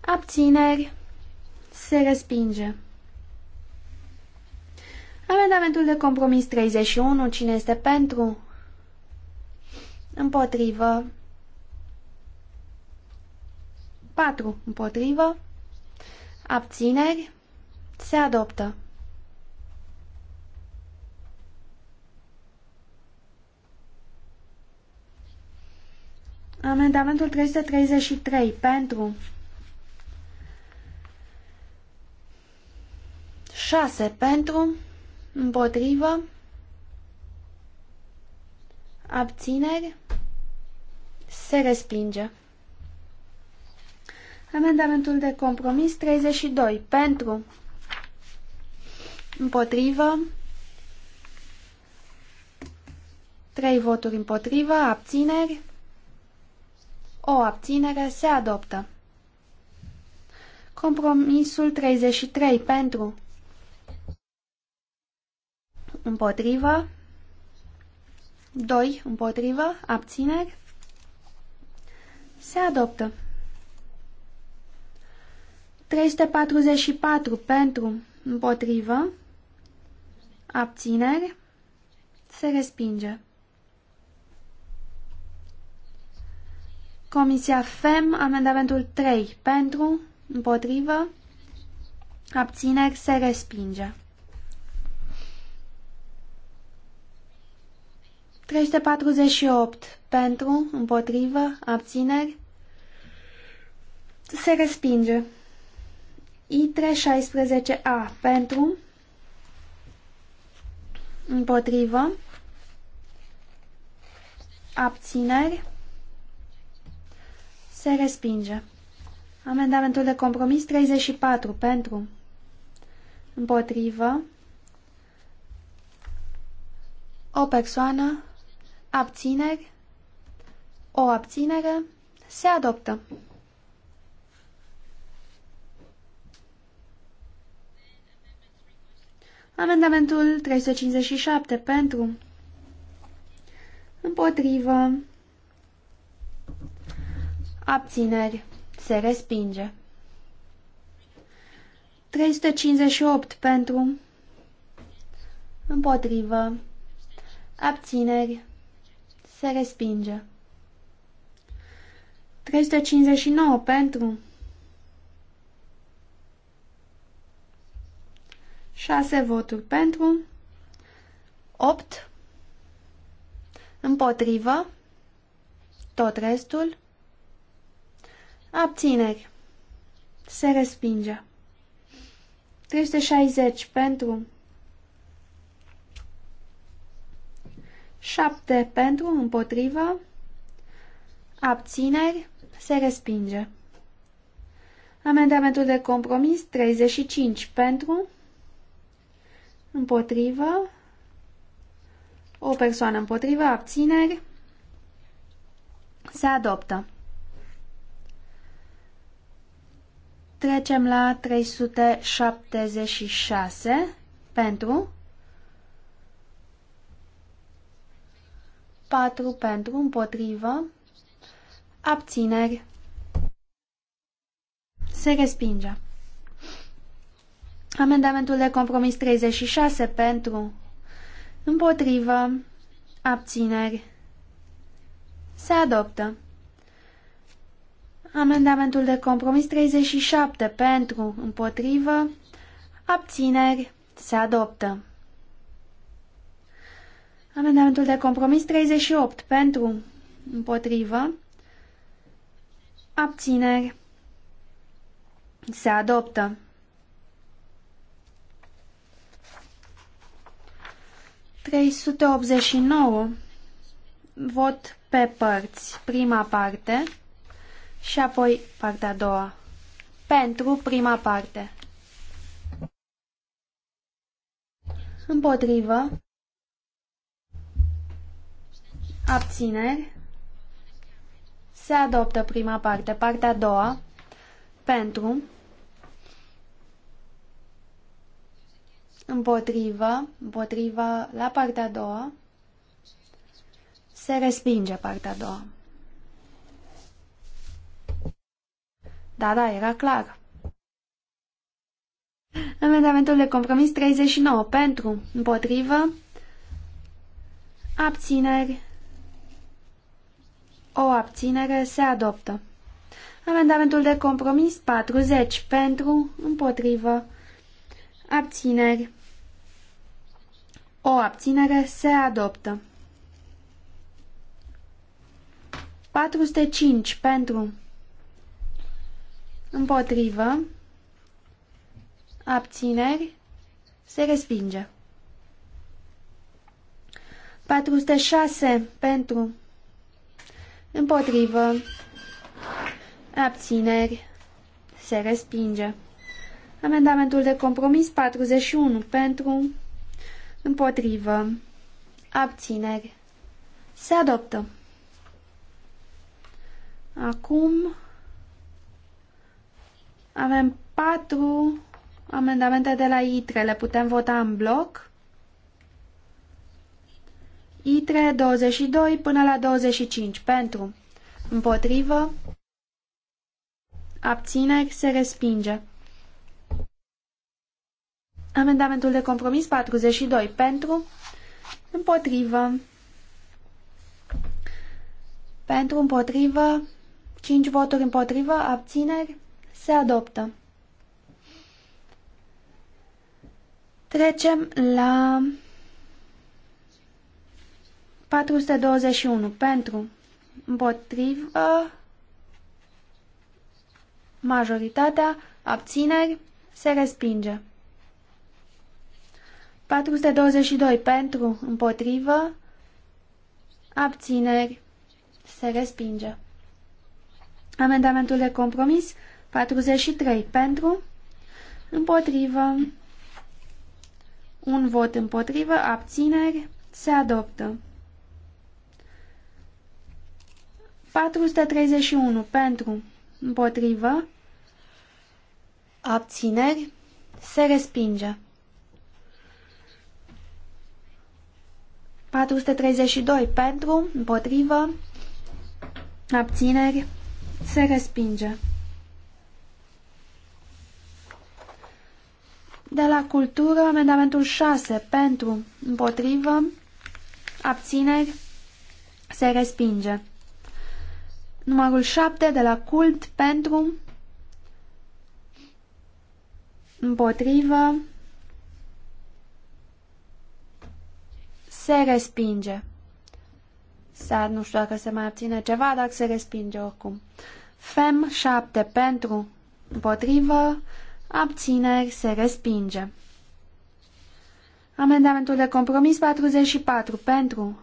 abțineri, se respinge. Amendamentul de compromis 31, cine este pentru? Împotrivă. 4. Împotrivă. Abțineri. Se adoptă. Amendamentul 333. Pentru. 6 pentru, împotrivă, abțineri, se respinge. Amendamentul de compromis 32 pentru, împotrivă, 3 voturi împotrivă, abțineri, o abținere se adoptă. Compromisul 33 pentru, împotrivă, 2 împotrivă, abțineri, se adoptă. 344 pentru, împotrivă, abțineri, se respinge. Comisia FEM, amendamentul 3, pentru, împotrivă, abțineri, se respinge. 348 pentru, împotrivă, abțineri, se respinge. I316A pentru, împotrivă, abțineri, se respinge. Amendamentul de compromis 34 pentru, împotrivă, o persoană abțineri, o abținere, se adoptă. Amendamentul 357 pentru împotrivă abțineri se respinge. 358 pentru împotrivă abțineri se respinge. 359 pentru. 6 voturi pentru. 8 împotrivă, tot restul, abțineri, se respinge. 360 pentru 7 pentru, împotrivă, abțineri, se respinge. Amendamentul de compromis 35 pentru, împotrivă, o persoană împotrivă, abțineri, se adoptă. Trecem la 376 pentru, 4 pentru, împotrivă, abțineri, se respinge. Amendamentul de compromis 36 pentru, împotrivă, abțineri, se adoptă. Amendamentul de compromis 37 pentru, împotrivă, abțineri, se adoptă. Amendamentul de compromis 38 pentru, împotrivă, abțineri, se adoptă. Trei sute optzeci și nouă vot pe părți, prima parte și apoi partea a doua. Pentru prima parte. Împotrivă. Abțineri. Se adoptă prima parte. Partea a doua. Pentru. Împotrivă. Împotrivă la partea a doua. Se respinge partea a doua. Da, da, era clar. Amendamentul de compromis 39. Pentru. Împotrivă. Abțineri. O abținere se adoptă. Amendamentul de compromis 40 pentru, împotrivă, abțineri. O abținere se adoptă. 405 pentru, împotrivă, abțineri, se respinge. 406 pentru, împotrivă, abțineri, se respinge. Amendamentul de compromis 41 pentru, împotrivă, abțineri, se adoptă. Acum avem patru amendamente de la ITRE. Le putem vota în bloc? ITRE 22 până la 25 pentru, împotrivă, abțineri, se respinge. Amendamentul de compromis 42 pentru, împotrivă, pentru, împotrivă, 5 voturi împotrivă, abțineri, se adoptă. Trecem la 421 pentru, împotrivă, majoritatea, abțineri, se respinge. 422 pentru, împotrivă, abțineri, se respinge. Amendamentul de compromis 43 pentru, împotrivă, un vot împotrivă, abțineri, se adoptă. 431 pentru, împotrivă, abțineri, se respinge. 432 pentru, împotrivă, abțineri, se respinge. De la cultură, amendamentul 6 pentru, împotrivă, abțineri, se respinge. Numărul 7 de la cult pentru împotrivă se respinge. Să nu știu dacă se mai abține ceva, dar se respinge oricum. Fem 7 pentru împotrivă, abțineri se respinge. Amendamentul de compromis 44 pentru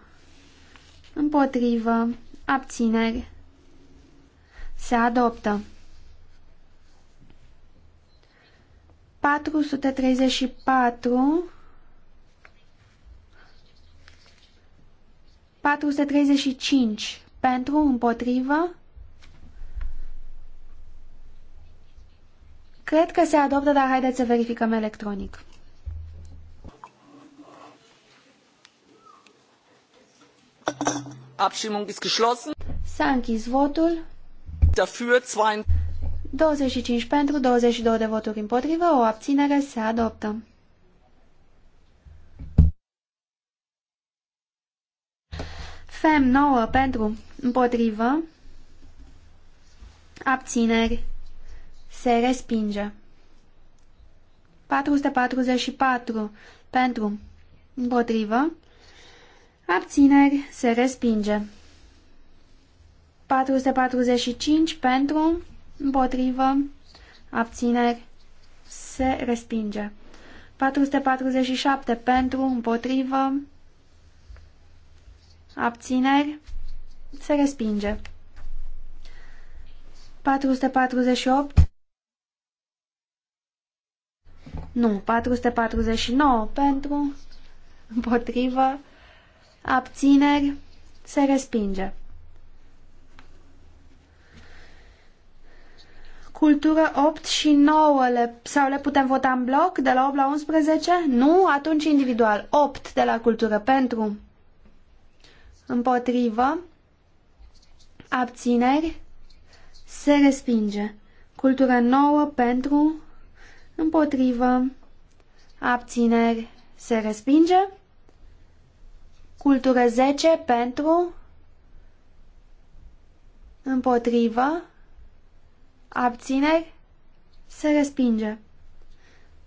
împotrivă, abțineri se adoptă. 434 435 pentru, împotrivă. Cred că se adoptă, dar haideți să verificăm electronic. Abstimmung ist geschlossen. S-a închis votul. 25 pentru, 22 de voturi împotrivă, o abținere se adoptă. FEM 9 pentru, împotrivă, abțineri, se respinge. 444 pentru, împotrivă, abțineri, se respinge. 445 pentru, împotrivă, abțineri, se respinge. 447 pentru, împotrivă, abțineri, se respinge. 448 nu, 449 pentru, împotrivă, abțineri, se respinge. Cultură 8 și 9 le, sau le putem vota în bloc de la 8 la 11? Nu? Atunci individual. 8 de la cultură pentru împotrivă abțineri se respinge. Cultură 9 pentru împotrivă abțineri se respinge. Cultură 10 pentru împotrivă Abțineri? Se respinge.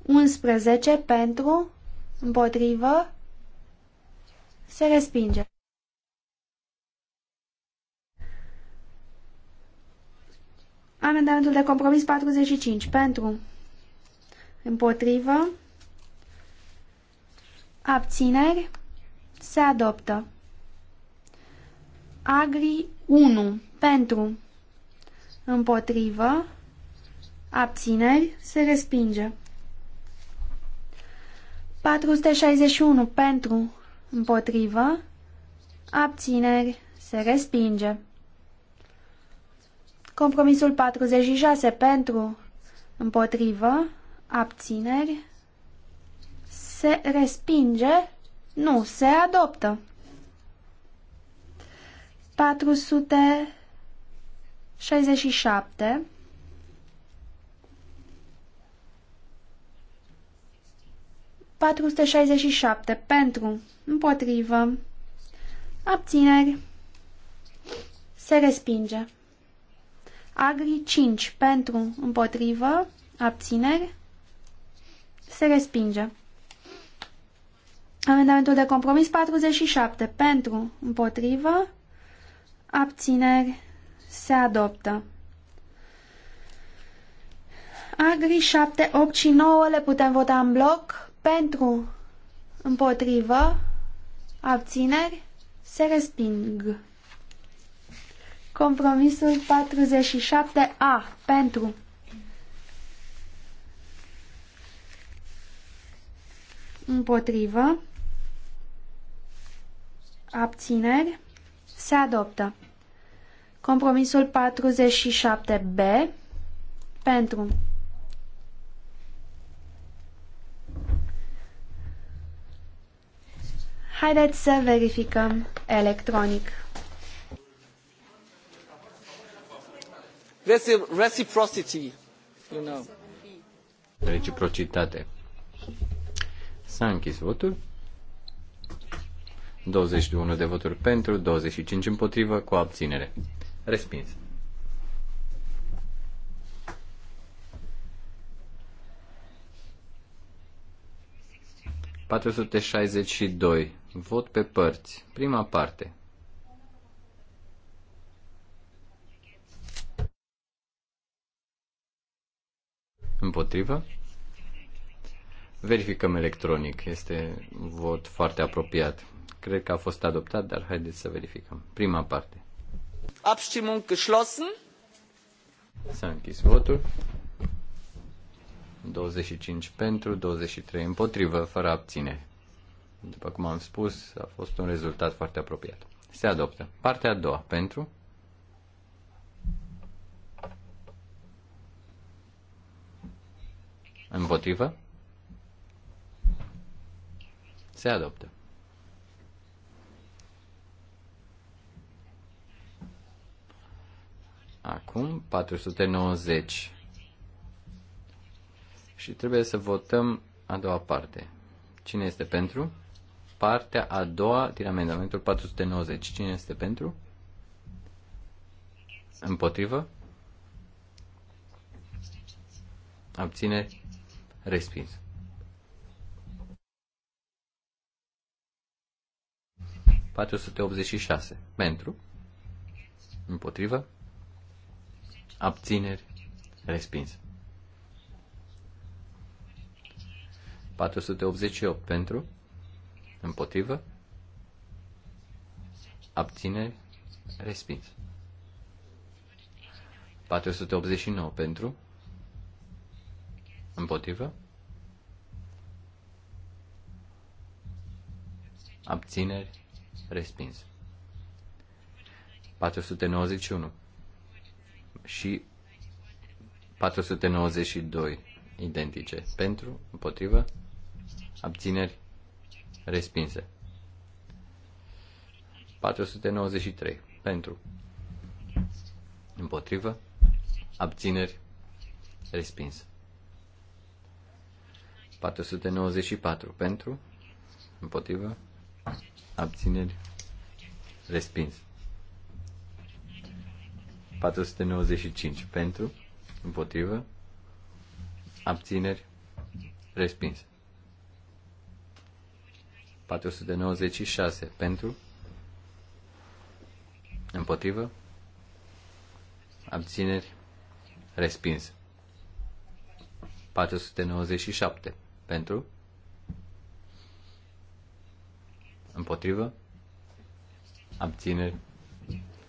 11 pentru, împotrivă, se respinge. Amendamentul de compromis 45 pentru, împotrivă, abțineri, se adoptă. Agri 1 pentru, împotrivă, abțineri, se respinge. 461 pentru, împotrivă, abțineri, se respinge. Compromisul 46 pentru, împotrivă, abțineri, se respinge, nu, se adoptă. 400 67 467 pentru, împotrivă, abțineri, se respinge. Agri 5 pentru, împotrivă, abțineri, se respinge. Amendamentul de compromis 47 pentru, împotrivă, abțineri, se adoptă. Agri 7, 8 și 9 le putem vota în bloc pentru, împotrivă, abțineri, se resping. Compromisul 47A pentru împotrivă abțineri se adoptă. Compromisul 47B pentru Haideți să verificăm electronic. Reciprocity, you know. Reciprocitate. S-a închis votul. 21 de voturi pentru, 25 împotrivă, cu abținere. Respins. doi. Vot pe părți. Prima parte. Împotrivă? Verificăm electronic. Este un vot foarte apropiat. Cred că a fost adoptat, dar haideți să verificăm. Prima parte. Abstimmung geschlossen. S-a închis votul. 25 pentru, 23 împotrivă, fără abține. După cum am spus, a fost un rezultat foarte apropiat. Se adoptă. Partea a doua, pentru. Împotrivă. Se adoptă. acum, 490. Și trebuie să votăm a doua parte. Cine este pentru? Partea a doua din amendamentul 490. Cine este pentru? Împotrivă? Abține? Respins. patru pentru împotrivă Abțineri. Respins. 488 pentru. Împotrivă. Abțineri. Respins. 489 pentru. Împotrivă. Abțineri. Respins. 491 și 492 identice. Pentru, împotrivă, abțineri, respinse. 493. Pentru, împotrivă, abțineri, respins. 494. Pentru, împotrivă, abțineri, respins. 495 pentru, împotrivă, abțineri, respins. 496 pentru, împotrivă, abțineri, respins. 497 pentru, împotrivă, abțineri,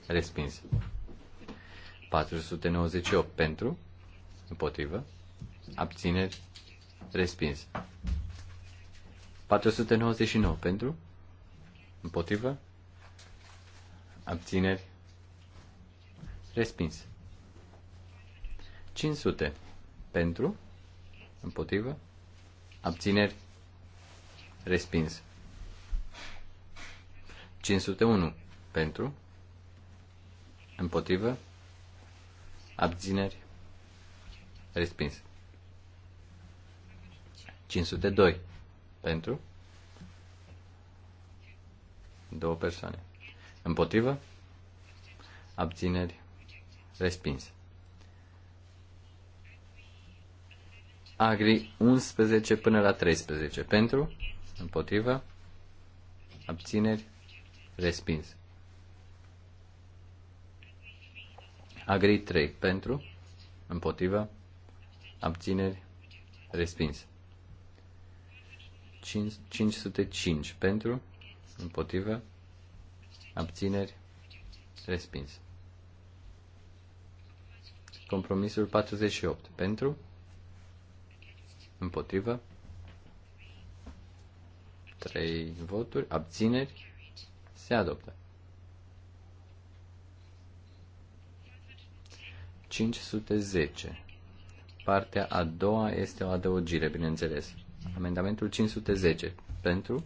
respins. 498 pentru, împotrivă, abțineri, respins. 499 pentru, împotrivă, abțineri, respins. 500 pentru, împotrivă, abțineri, respins. 501 pentru, împotrivă, Abțineri. Respins. 502. Pentru. Două persoane. Împotrivă. Abțineri. Respins. Agri 11 până la 13. Pentru. Împotrivă. Abțineri. Respins. Agri 3 pentru, împotrivă, abțineri, respins. 5, 505 pentru, împotrivă, abțineri, respins. Compromisul 48 pentru, împotrivă, 3 voturi, abțineri, se adoptă. 510. Partea a doua este o adăugire, bineînțeles. Amendamentul 510. Pentru?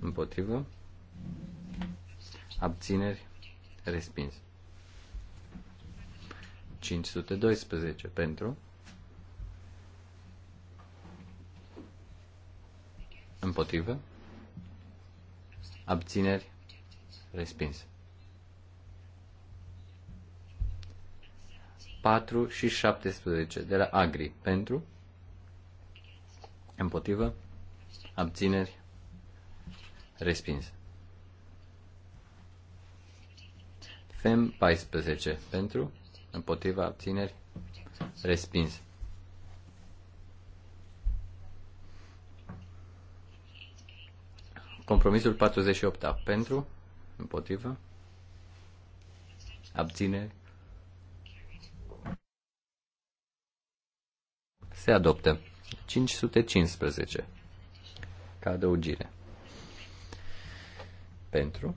Împotrivă? Abțineri? Respins. 512. Pentru? Împotrivă? Abțineri? Respins. 4 și 17 de la Agri. Pentru? Împotrivă? Abțineri? Respins. FEM 14. Pentru? împotrivă abțineri? Respins. Compromisul 48 Pentru? împotrivă Abțineri? Se adoptă. 515. Ca adăugire. Pentru.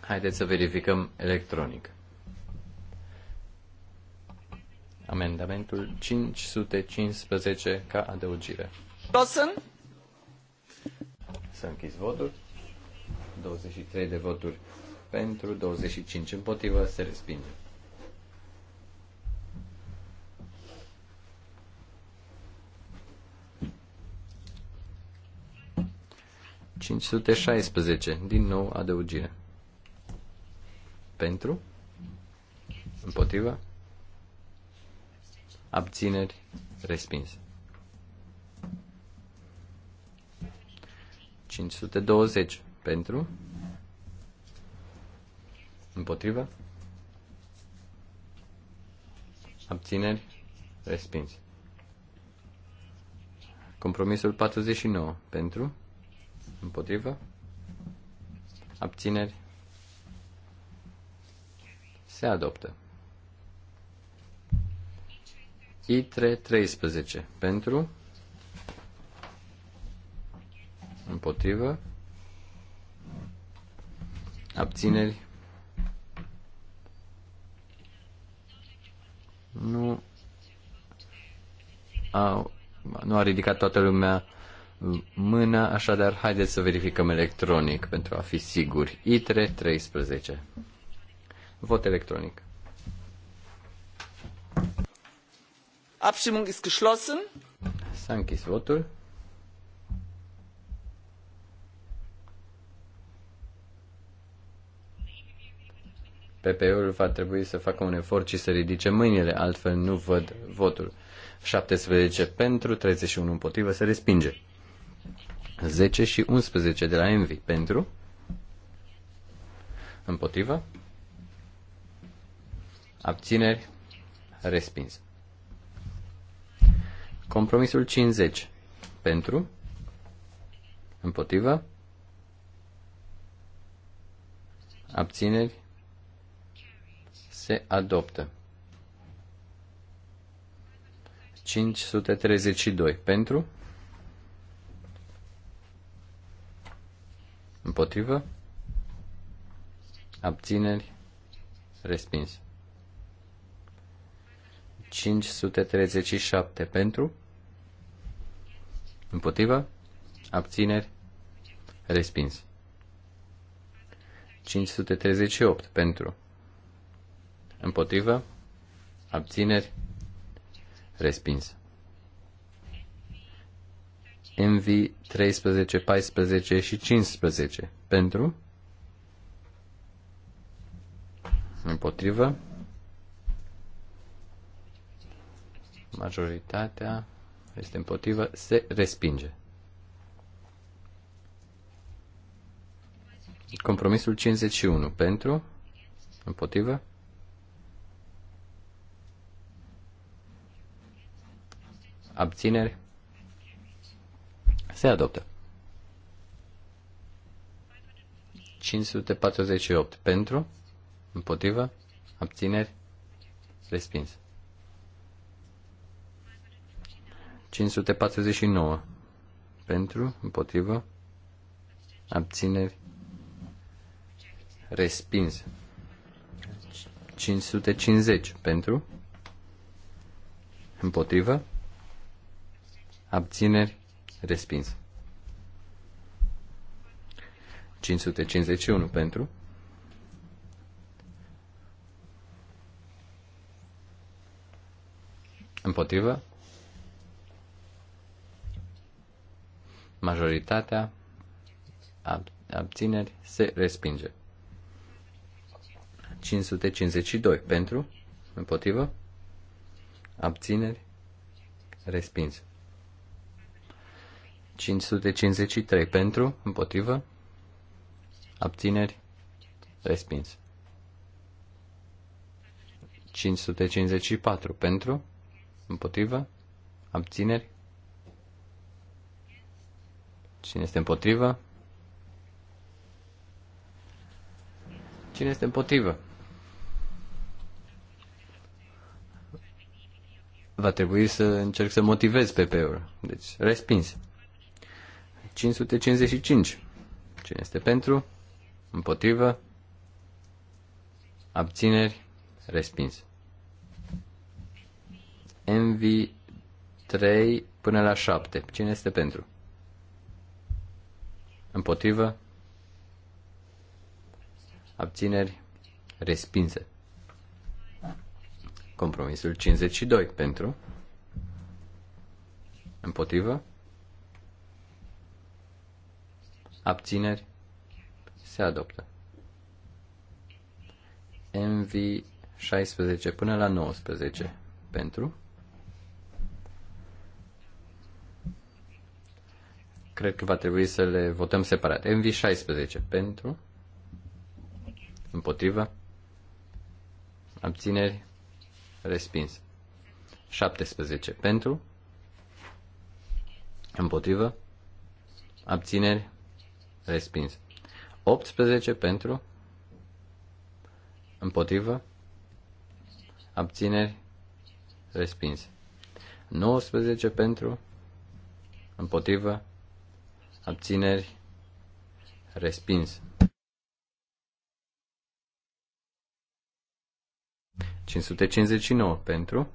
Haideți să verificăm electronic. Amendamentul 515 ca adăugire. Dawson? Să închis votul. 23 de voturi pentru, 25 împotrivă, se respinge. 516. Din nou adăugire. Pentru? Împotriva? Abțineri? Respins. 520. Pentru? Împotriva? Abțineri? Respins. Compromisul 49. Pentru? Împotrivă? Abțineri? Se adoptă. I3 13 pentru împotrivă abțineri nu a, nu a ridicat toată lumea mâna, așadar haideți să verificăm electronic pentru a fi siguri. ITRE 13. Vot electronic. Abstimmung ist geschlossen. S-a închis votul. PPE-ul va trebui să facă un efort și să ridice mâinile, altfel nu văd votul. 17 pentru, 31 împotrivă, se respinge. 10 și 11 de la Envy pentru împotrivă abțineri respins. Compromisul 50 pentru împotrivă abțineri se adoptă. 532 pentru Împotrivă? Abțineri? Respins. 537 pentru? Împotrivă? Abțineri? Respins. 538 pentru? Împotrivă? Abțineri? Respins. MV 13, 14 și 15. Pentru? Împotrivă? Majoritatea este împotrivă, se respinge. Compromisul 51 pentru, împotrivă, abțineri, se adoptă. 548 pentru, împotrivă, abțineri, respins. 549 pentru, împotrivă, abțineri, respins. 550 pentru, împotrivă, abțineri, Respins. 551 pentru. Împotrivă. Majoritatea abțineri se respinge. 552 pentru. Împotrivă. Abțineri. Respins. 553 pentru, împotrivă, abțineri, respins. 554 pentru, împotrivă, abțineri. Cine este împotrivă? Cine este împotrivă? Va trebui să încerc să motivez PP-ul. Deci, respins. 555. Cine este pentru? Împotrivă? Abțineri? Respins. MV 3 până la 7. Cine este pentru? Împotrivă? Abțineri? Respinse. Compromisul 52 pentru? Împotrivă? Abțineri? Se adoptă. MV 16 până la 19. Pentru? Cred că va trebui să le votăm separat. MV 16 pentru? Împotrivă? Abțineri? Respins. 17 pentru? Împotrivă? Abțineri? respins. 18 pentru, împotrivă, abțineri, respins. 19 pentru, împotrivă, abțineri, respins. 559 pentru,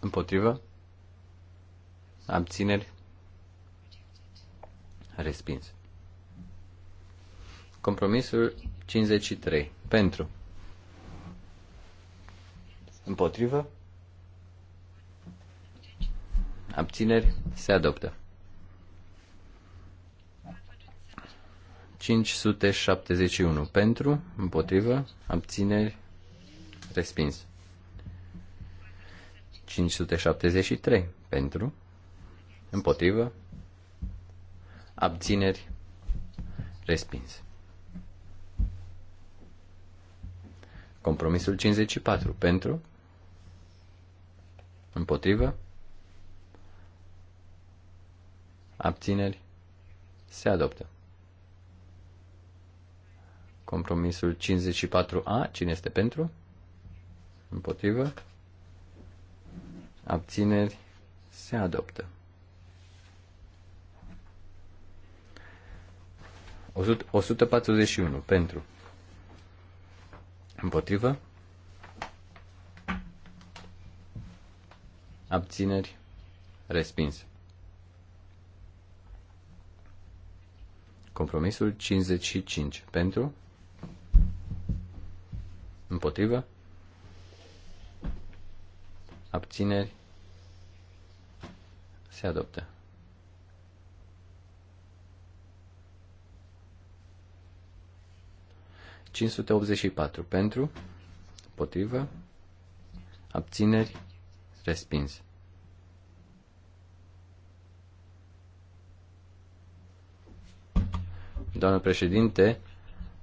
împotrivă, abțineri, Respins. Compromisul 53. Pentru. Împotrivă. Abțineri. Se adoptă. 571. Pentru. Împotrivă. Abțineri. Respins. 573. Pentru. Împotrivă abțineri, respins. Compromisul 54 pentru, împotrivă, abțineri, se adoptă. Compromisul 54A, cine este pentru? Împotrivă. Abțineri se adoptă. 141 pentru. Împotrivă. Abțineri. Respins. Compromisul 55 pentru. Împotrivă. Abțineri. Se adoptă. 584 pentru, potrivă, abțineri, respins. Doamnă președinte,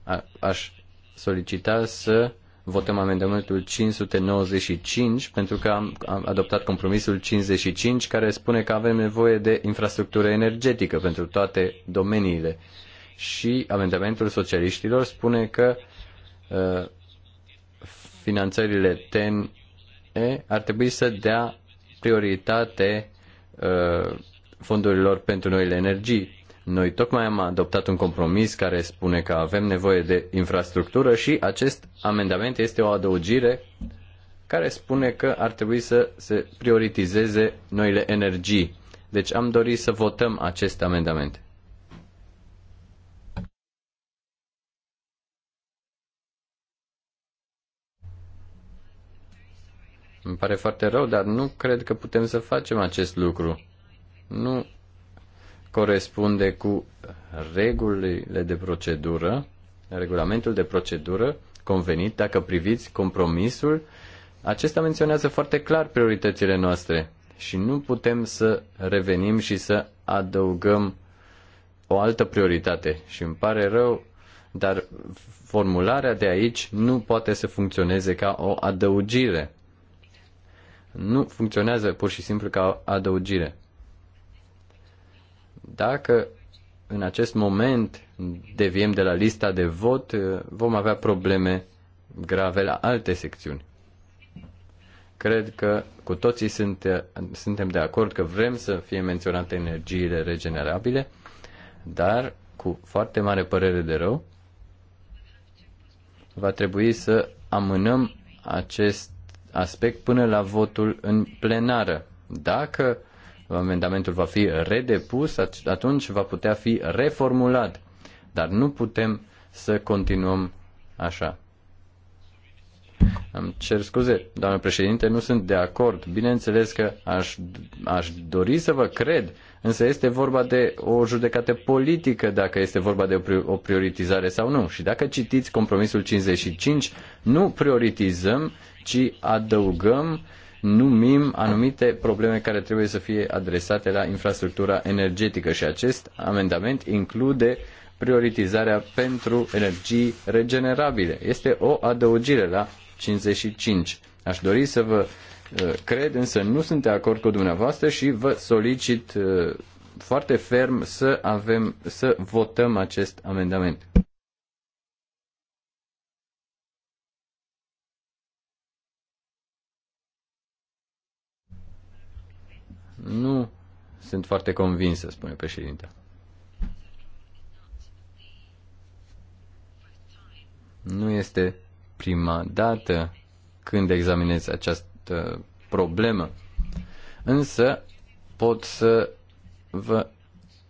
a, aș solicita să votăm amendamentul 595 pentru că am, am adoptat compromisul 55 care spune că avem nevoie de infrastructură energetică pentru toate domeniile. Uh, și amendamentul socialiștilor spune că uh, finanțările TNE ar trebui să dea prioritate uh, fondurilor pentru noile energii. Noi tocmai am adoptat un compromis care spune că avem nevoie de infrastructură și acest amendament este o adăugire care spune că ar trebui să se prioritizeze noile energii. Deci am dorit să votăm acest amendament. Îmi pare foarte rău, dar nu cred că putem să facem acest lucru. Nu corespunde cu regulile de procedură, regulamentul de procedură convenit. Dacă priviți compromisul, acesta menționează foarte clar prioritățile noastre și nu putem să revenim și să adăugăm o altă prioritate. Și îmi pare rău, dar formularea de aici nu poate să funcționeze ca o adăugire nu funcționează pur și simplu ca adăugire. Dacă în acest moment deviem de la lista de vot, vom avea probleme grave la alte secțiuni. Cred că cu toții sunt, suntem de acord că vrem să fie menționate energiile regenerabile, dar cu foarte mare părere de rău, va trebui să amânăm acest aspect până la votul în plenară. Dacă amendamentul va fi redepus, atunci va putea fi reformulat. Dar nu putem să continuăm așa. Am cer scuze, doamnă președinte, nu sunt de acord. Bineînțeles că aș, aș dori să vă cred, însă este vorba de o judecată politică dacă este vorba de o prioritizare sau nu. Și dacă citiți compromisul 55, nu prioritizăm ci adăugăm, numim anumite probleme care trebuie să fie adresate la infrastructura energetică și acest amendament include prioritizarea pentru energii regenerabile. Este o adăugire la 55. Aș dori să vă uh, cred, însă nu sunt de acord cu dumneavoastră și vă solicit uh, foarte ferm să avem, să votăm acest amendament. Nu sunt foarte convinsă, spune președinta. Nu este prima dată când examinez această problemă. Însă pot să vă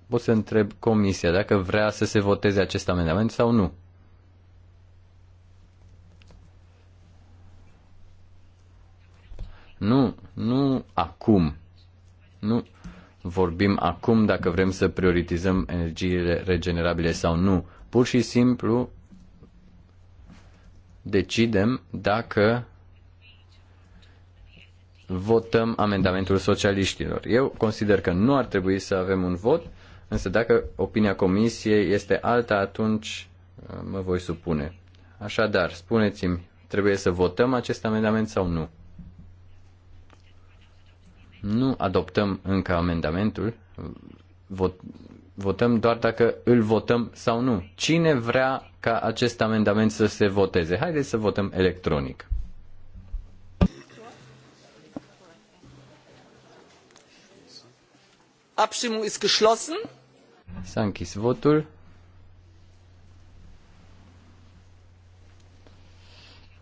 pot să întreb comisia dacă vrea să se voteze acest amendament sau nu. Nu, nu acum. Nu vorbim acum dacă vrem să prioritizăm energiile regenerabile sau nu. Pur și simplu decidem dacă votăm amendamentul socialiștilor. Eu consider că nu ar trebui să avem un vot, însă dacă opinia comisiei este alta, atunci uh, mă voi supune. Așadar, spuneți-mi, trebuie să votăm acest amendament sau nu? Nu adoptăm încă amendamentul, vot, votăm doar dacă îl votăm sau nu. Cine vrea ca acest amendament să se voteze? Haideți să votăm electronic. Abstimmung ist geschlossen. S-a închis votul.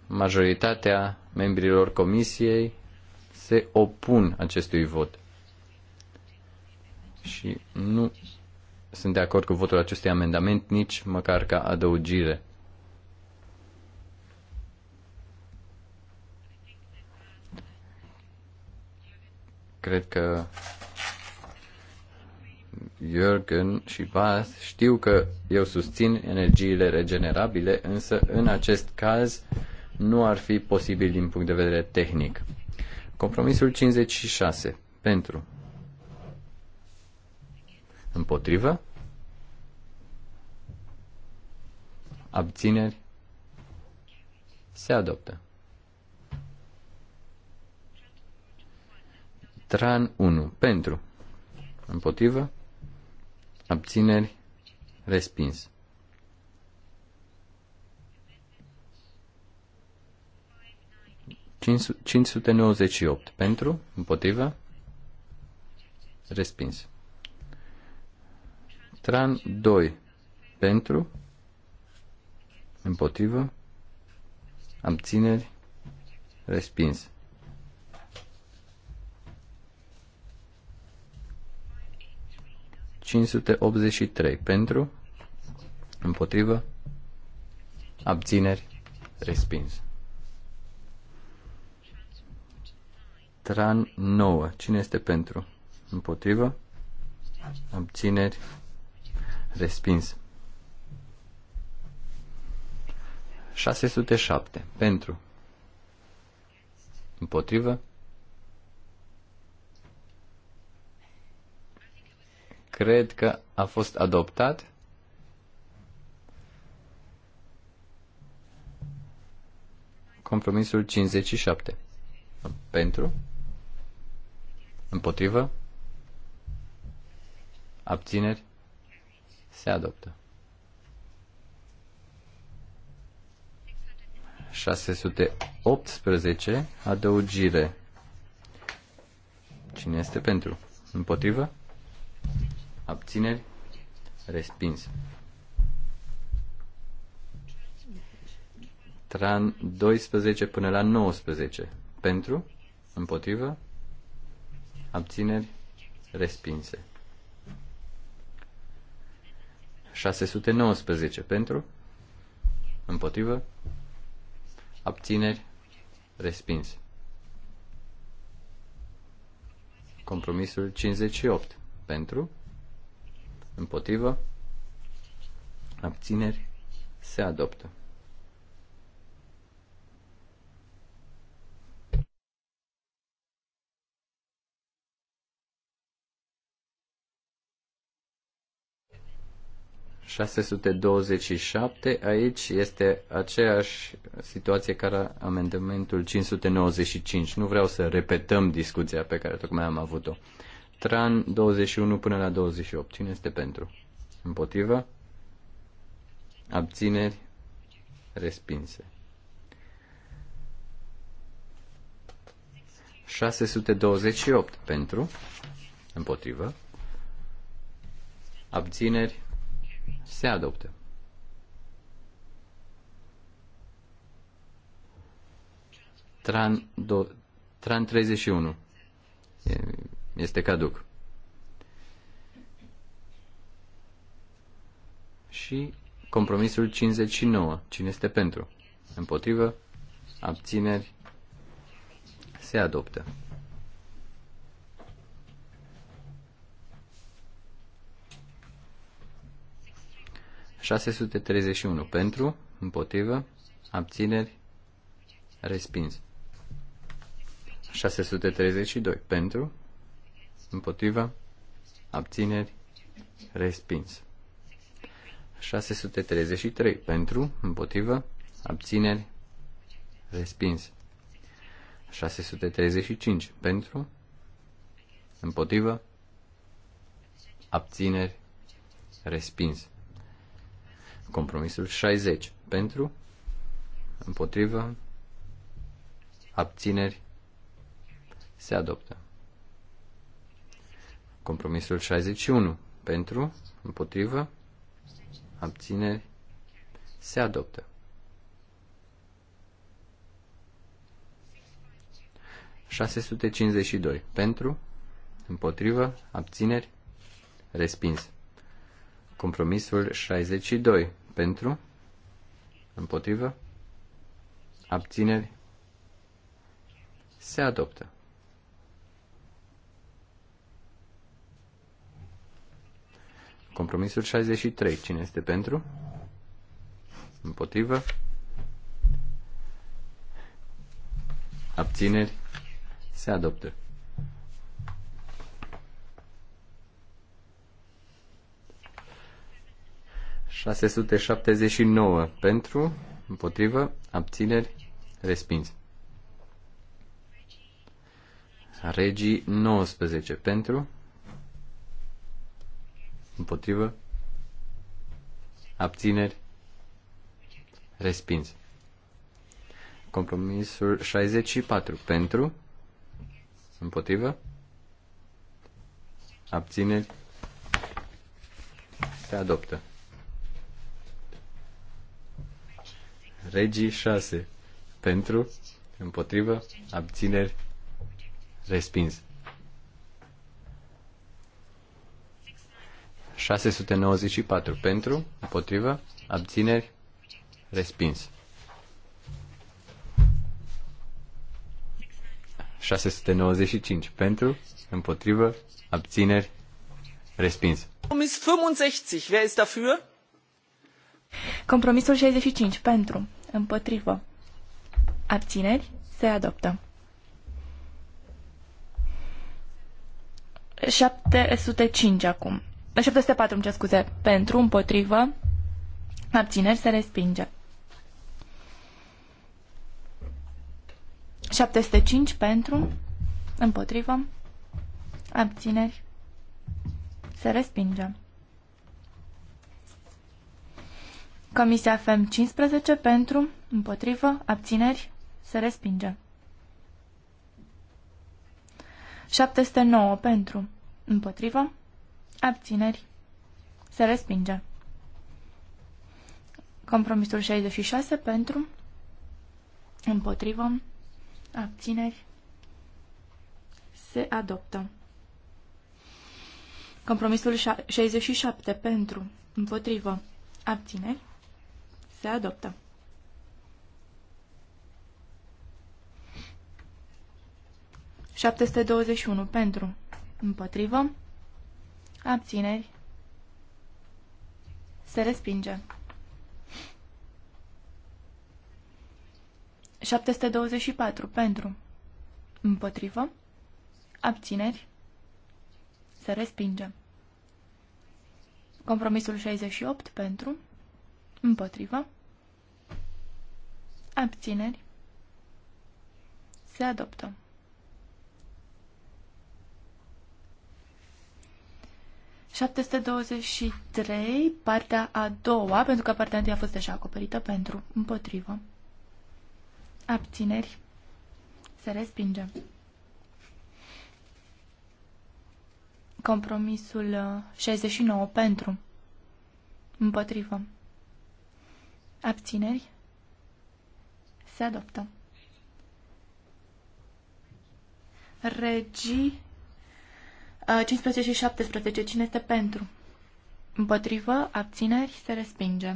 Majoritatea membrilor comisiei se opun acestui vot. Și nu sunt de acord cu votul acestui amendament, nici măcar ca adăugire. Cred că Jürgen și Bas știu că eu susțin energiile regenerabile, însă în acest caz nu ar fi posibil din punct de vedere tehnic. Compromisul 56. Pentru. Împotrivă. Abțineri. Se adoptă. Tran 1. Pentru. Împotrivă. Abțineri. Respins. 598 pentru, împotrivă, respins. Tran 2 pentru, împotrivă, abțineri, respins. trei pentru, împotrivă, abțineri, respins. Tran 9. Cine este pentru? Împotrivă? Abțineri? Respins. 607. Pentru. Împotrivă? Cred că a fost adoptat. Compromisul 57. Pentru? Împotrivă? Abțineri? Se adoptă. 618, adăugire. Cine este pentru? Împotrivă? Abțineri? Respins. Tran 12 până la 19. Pentru? Împotrivă? abțineri, respinse. 619 pentru, împotrivă, abțineri, respinse. Compromisul 58 pentru, împotrivă, abțineri, se adoptă. 627, aici este aceeași situație ca amendamentul 595. Nu vreau să repetăm discuția pe care tocmai am avut-o. Tran 21 până la 28. Cine este pentru? Împotrivă? Abțineri? Respinse. 628 pentru, împotrivă, abțineri, se adoptă. Tran, do, tran 31. Este caduc. Și compromisul 59. Cine este pentru? Împotrivă? Abțineri? Se adoptă. 631 pentru, împotrivă, abțineri, respins. 632 pentru, împotrivă, abțineri, respins. 633 pentru, împotrivă, abțineri, respins. 635 pentru, împotrivă, abțineri, respins. Compromisul 60. Pentru, împotrivă, abțineri, se adoptă. Compromisul 61. Pentru, împotrivă, abțineri, se adoptă. 652. Pentru, împotrivă, abțineri, respins. Compromisul 62 pentru, împotrivă, abțineri, se adoptă. Compromisul 63. Cine este pentru? Împotrivă? Abțineri? Se adoptă. 679 pentru, împotrivă, abțineri, respins. Regii 19 pentru, împotrivă, abțineri, respins. Compromisul 64 pentru, împotrivă, abțineri, se adoptă. Regii 6. Pentru, împotrivă, abțineri, respins. 694. Pentru, împotrivă, abțineri, respins. 695. Pentru, împotrivă, abțineri, respins. Compromis 65. Wer ist dafür? Compromisul 65. Pentru. Împotrivă. Abțineri. Se adoptă. 705 acum. 704, îmi cer scuze. Pentru, împotrivă, abțineri se respinge. 705 pentru, împotrivă, abțineri se respinge. Comisia FEM 15 pentru, împotrivă, abțineri, se respinge. 709 pentru, împotrivă, abțineri, se respinge. Compromisul 66 pentru, împotrivă, abțineri, se adoptă. Compromisul 67 pentru, împotrivă, abțineri, te adoptă. Șapteste douăzeci unu pentru, împotrivă, abțineri, se respinge. 724 pentru, împotrivă, abțineri, se respinge. Compromisul 68 pentru, împotrivă, Abțineri. Se adoptă. trei, partea a doua, pentru că partea întâi a fost deja acoperită pentru împotrivă. Abțineri. Se respinge. Compromisul 69 uh, pentru. Împotrivă. Abțineri. Se adoptă. Regii 15 uh, și 17. Cine este pentru? Împotrivă, abțineri, se respinge.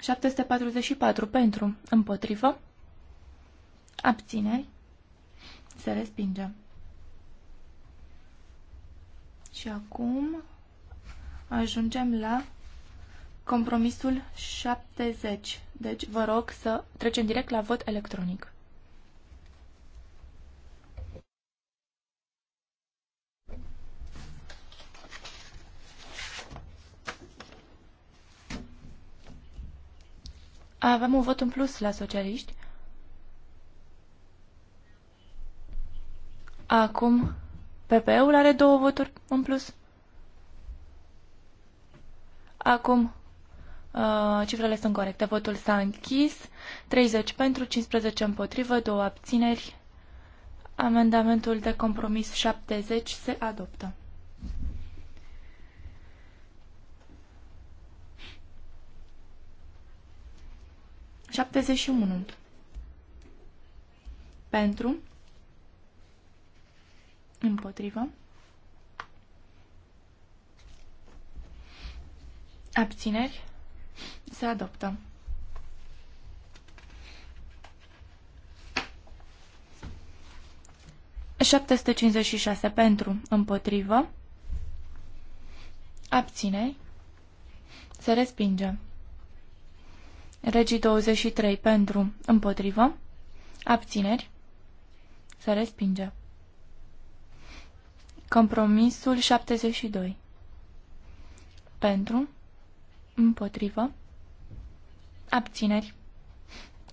744 pentru, împotrivă, abțineri, se respinge. Și acum ajungem la Compromisul 70. Deci vă rog să trecem direct la vot electronic. Avem un vot în plus la socialiști. Acum, PP-ul are două voturi în plus. Acum, Uh, cifrele sunt corecte. Votul s-a închis. 30 pentru, 15 împotrivă, 2 abțineri. Amendamentul de compromis 70 se adoptă. Șaptezeci și unu. Pentru. Împotrivă. Abțineri. Se adoptă. Șapteste cincizeci și șase pentru, împotrivă, abținei, se respinge. Regii 23 pentru, împotrivă, abțineri, se respinge. Compromisul 72. Pentru, împotrivă, Abțineri.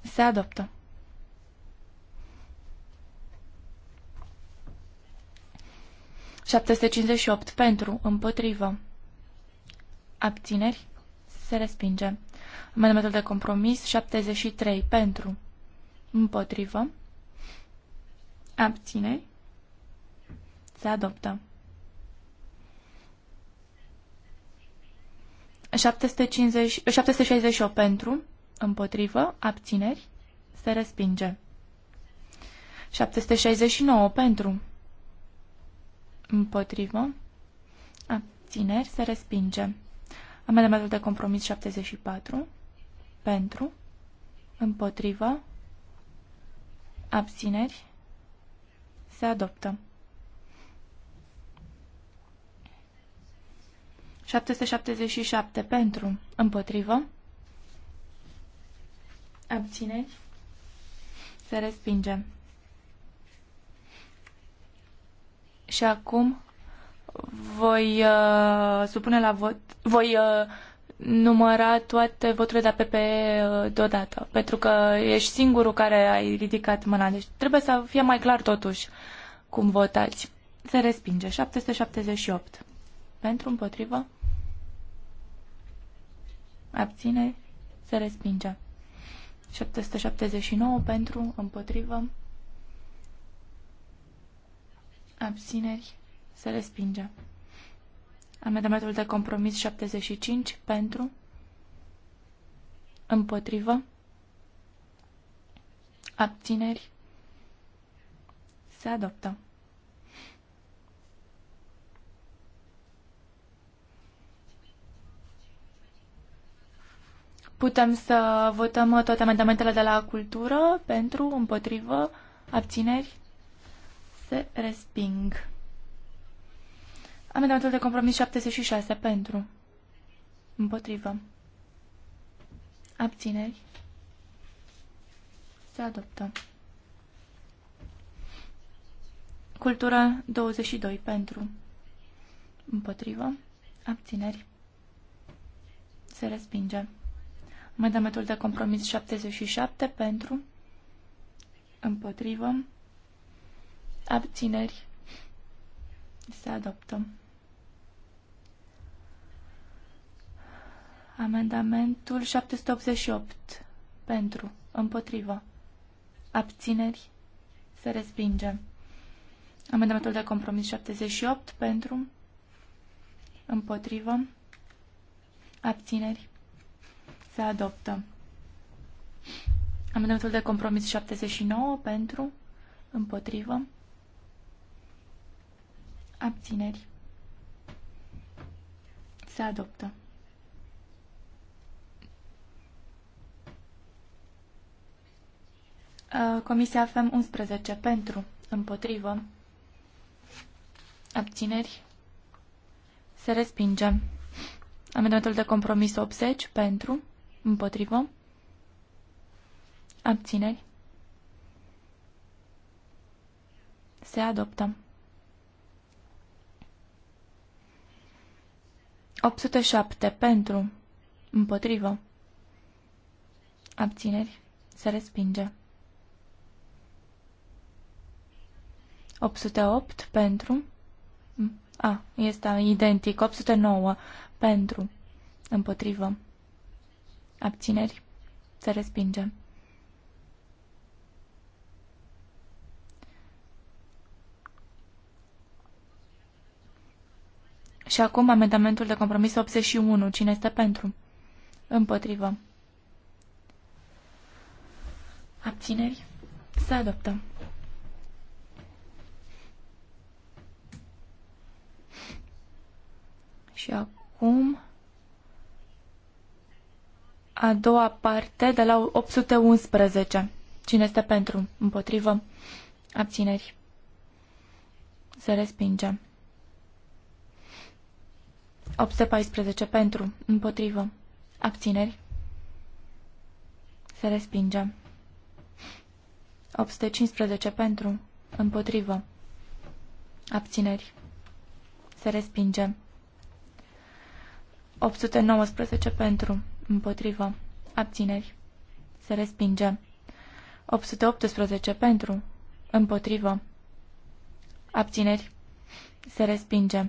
Se adoptă. cincizeci opt pentru, împotrivă. Abțineri. Se respinge. Amendamentul de compromis 73 pentru, împotrivă. Abțineri. Se adoptă. 750, 768 pentru, împotrivă, abțineri, se respinge. 769 pentru, împotrivă, abțineri, se respinge. Amendamentul de compromis 74 pentru, împotrivă, abțineri, se adoptă. 777 pentru, împotrivă, abține, se respinge. Și acum voi uh, supune la vot, voi uh, număra toate voturile de APP uh, deodată, pentru că ești singurul care ai ridicat mâna, deci trebuie să fie mai clar totuși cum votați. Se respinge. 778. Pentru, împotrivă, abține, se respinge. 779 pentru, împotrivă, abțineri, se respinge. Amendamentul de compromis 75 pentru, împotrivă, abțineri, se adoptă. Putem să votăm toate amendamentele de la cultură pentru, împotrivă, abțineri, se resping. Amendamentul de compromis 76 pentru, împotrivă, abțineri, se adoptă. Cultură 22 pentru, împotrivă, abțineri, se respinge. Amendamentul de compromis 77 pentru, împotrivă, abțineri, se adoptă. Amendamentul 788 pentru, împotrivă, abțineri, se respinge. Amendamentul de compromis 78 pentru, împotrivă, abțineri, se adoptă. Amendamentul de compromis 79 pentru, împotrivă, abțineri. Se adoptă. Uh, Comisia FEM 11 pentru, împotrivă, abțineri. Se respinge. Amendamentul de compromis 80 pentru, Împotrivă. Abțineri. Se adoptă. 807. Pentru. Împotrivă. Abțineri. Se respinge. 808 pentru. A, este identic. 809 pentru. Împotrivă. Abțineri. Se respinge. Și acum amendamentul de compromis 81. Cine este pentru? Împotrivă. Abțineri? Să adoptăm. Și acum a doua parte de la 811. Cine este pentru? Împotrivă? Abțineri. Se respinge. 814 pentru. Împotrivă. Abțineri. Se respinge. 815 pentru. Împotrivă. Abțineri. Se respinge. 819 pentru împotrivă, abțineri, se respinge. 818 pentru, împotrivă, abțineri, se respinge.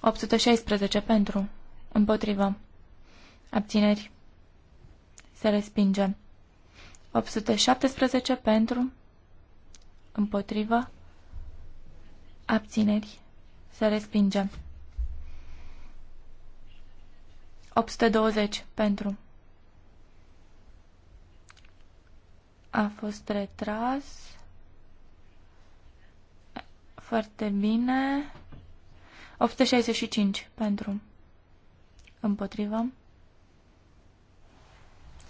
816 pentru, împotrivă, abțineri, se respinge. 817 pentru, împotrivă, abțineri, se respinge. 820 pentru. A fost retras. Foarte bine. 865 pentru. Împotrivă.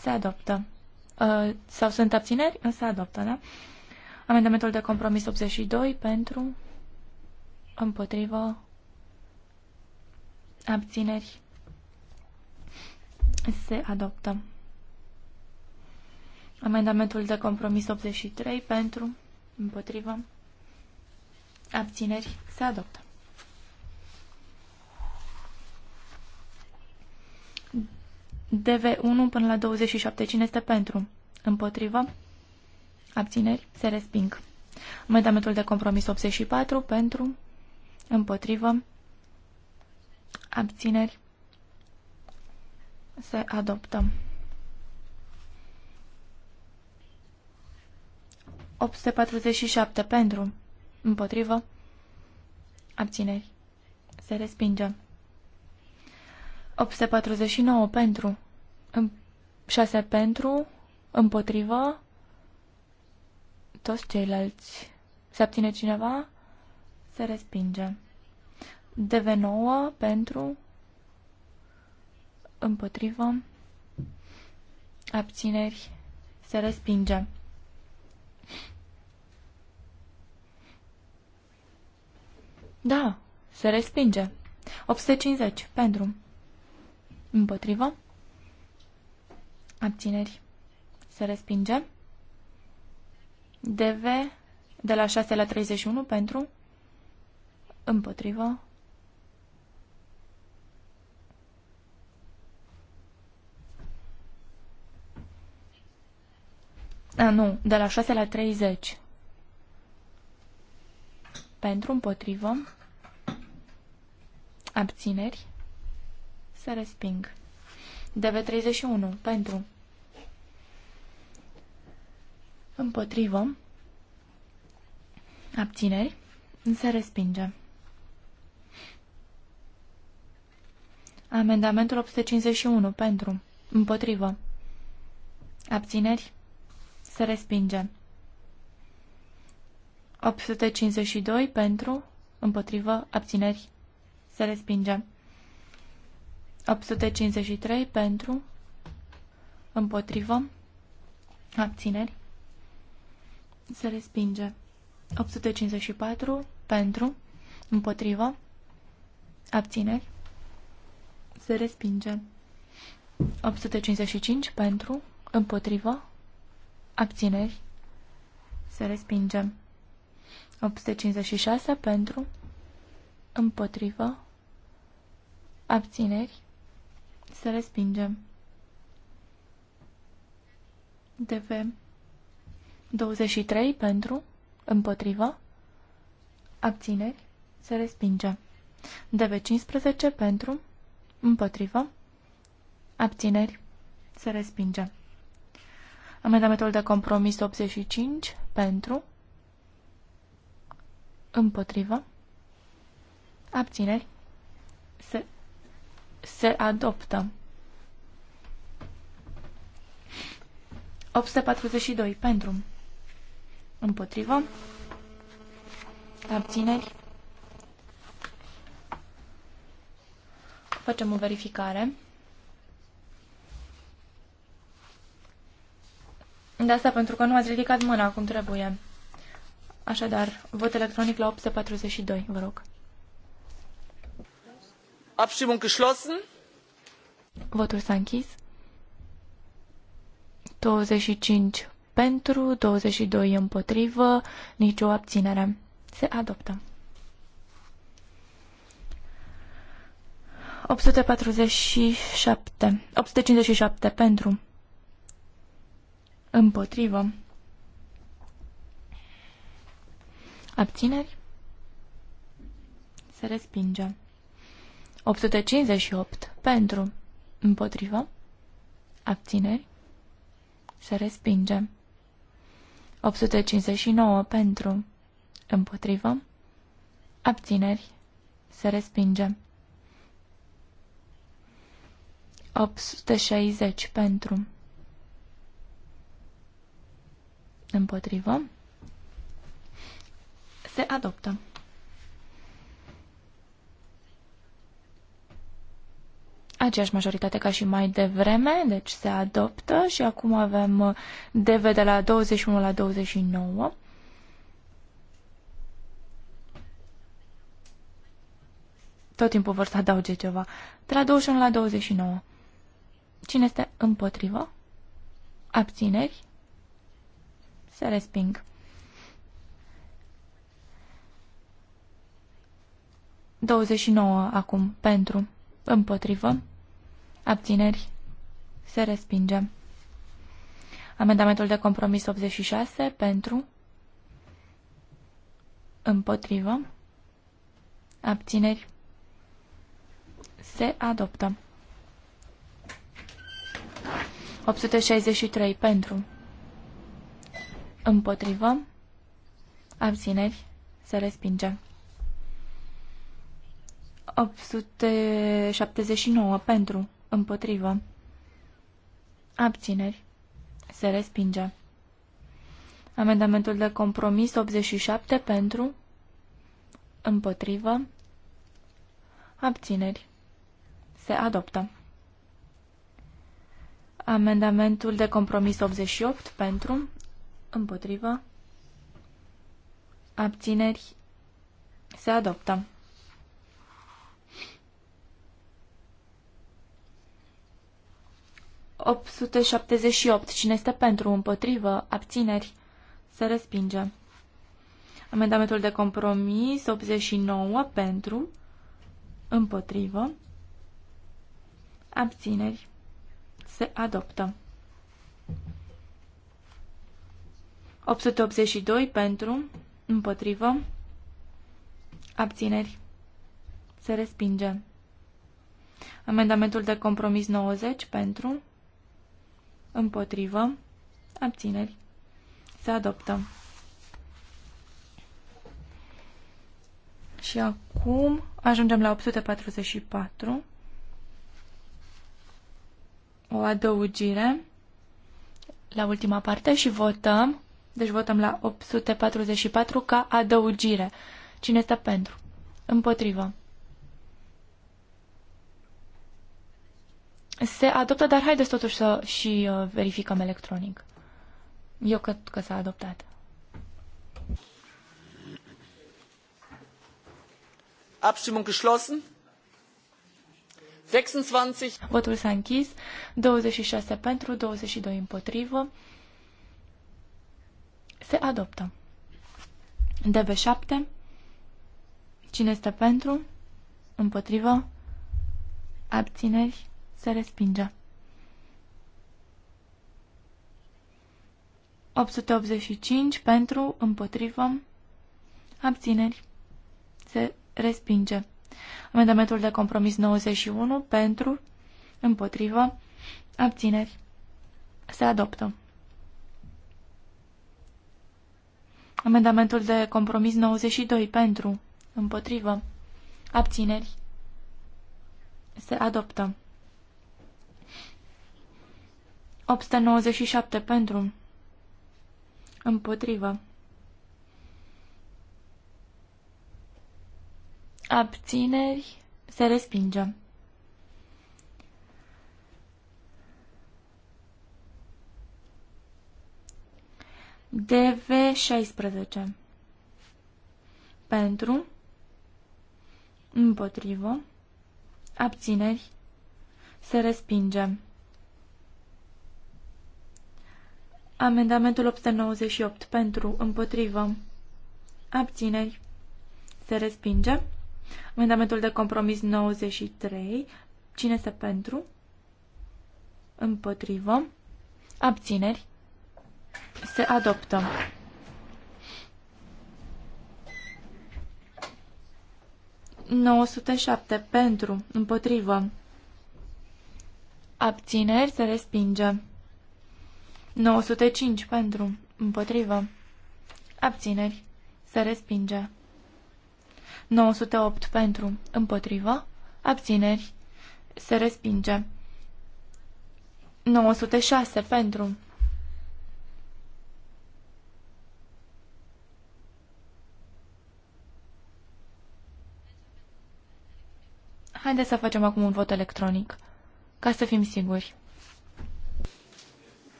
Se adoptă. Uh, sau sunt abțineri? Se adoptă, da? Amendamentul de compromis 82 pentru. Împotrivă. Abțineri se adoptă. Amendamentul de compromis 83 pentru, împotrivă, abțineri se adoptă. DV1 până la 27. Cine este pentru? Împotrivă? Abțineri? Se resping. Amendamentul de compromis 84 pentru? Împotrivă? Abțineri? Se adoptă. 847 pentru. Împotrivă. Abțineri. Se respinge. 849 pentru. 6 pentru. Împotrivă. Toți ceilalți. Se abține cineva? Se respinge. DV9 pentru împotrivă, abțineri, se respinge. Da, se respinge. 850 pentru. Împotrivă. Abțineri. Se respinge. DV de la 6 la 31 pentru. Împotrivă. A, nu, de la 6 la 30. Pentru, împotrivă, abțineri, se resping. DV31, pentru, împotrivă, abțineri, se respinge. Amendamentul 851, pentru, împotrivă, abțineri, se respinge. 852 pentru, împotrivă, abțineri. Se respinge. 853 pentru, împotrivă, abțineri. Se respinge. 854 pentru, împotrivă, abțineri. Se respinge. 855 pentru, împotrivă, Abțineri. Se respingem. 856 pentru. Împotrivă. Abțineri. Se respingem. DV. 23 pentru. Împotrivă. Abțineri. Se respingem. DV 15 pentru. Împotrivă. Abțineri. Se respingem. Amendamentul de compromis 85 pentru, împotrivă, abțineri, se, se adoptă. 842 pentru, împotrivă, abțineri. Facem o verificare. De asta pentru că nu ați ridicat mâna cum trebuie. Așadar, vot electronic la 842, vă rog. Abstimmung geschlossen. Votul s-a închis. 25 pentru, 22 împotrivă, nicio abținere. Se adoptă. 847. 857 pentru. Împotrivă. Abțineri? Se respinge. 858. Pentru. Împotrivă. Abțineri? Se respinge. 859. Pentru. Împotrivă. Abțineri? Se respinge. 860. Pentru. împotrivă, se adoptă. Aceeași majoritate ca și mai devreme, deci se adoptă și acum avem DV de la 21 la 29. Tot timpul vor să adauge ceva. De la 21 la 29. Cine este împotrivă? Abțineri? Se resping. Douăzeci nouă acum. Pentru. Împotrivă. Abțineri. Se respinge. Amendamentul de compromis 86. Pentru. Împotrivă. Abțineri. Se adoptă. 863 pentru. Împotrivă. Abțineri. Se respinge. 879 pentru. Împotrivă. Abțineri. Se respinge. Amendamentul de compromis 87 pentru. Împotrivă. Abțineri. Se adoptă. Amendamentul de compromis 88 pentru. Împotrivă. Abțineri. Se adoptă. opt. Cine este pentru, împotrivă, abțineri, se respinge. Amendamentul de compromis 89 pentru, împotrivă, abțineri, se adoptă. 882 pentru, împotrivă, abțineri, se respinge. Amendamentul de compromis 90 pentru, împotrivă, abțineri, se adoptă. Și acum ajungem la 844. O adăugire la ultima parte și votăm deci votăm la 844 ca adăugire. Cine este pentru? Împotrivă. Se adoptă, dar haideți totuși să și uh, verificăm electronic. Eu cred că s-a adoptat. Abstimmung geschlossen. 26. Votul s-a închis. 26 pentru, 22 împotrivă. Se adoptă. DV7. Cine este pentru? Împotrivă? Abțineri? Se respinge. 885 pentru, împotrivă, abțineri, se respinge. Amendamentul de compromis 91 pentru, împotrivă, abțineri, se adoptă. Amendamentul de compromis 92 pentru, împotrivă, abțineri, se adoptă. 897 pentru, împotrivă, abțineri, se respinge. DV16 pentru împotrivă abțineri se respinge. Amendamentul 898 pentru împotrivă abțineri se respinge. Amendamentul de compromis 93 cine se pentru împotrivă abțineri se adoptă. șapte pentru, împotrivă. Abțineri se respinge. 905 pentru, împotrivă. Abțineri se respinge. 908 pentru, împotrivă. Abțineri se respinge. 906 pentru, Haideți să facem acum un vot electronic, ca să fim siguri.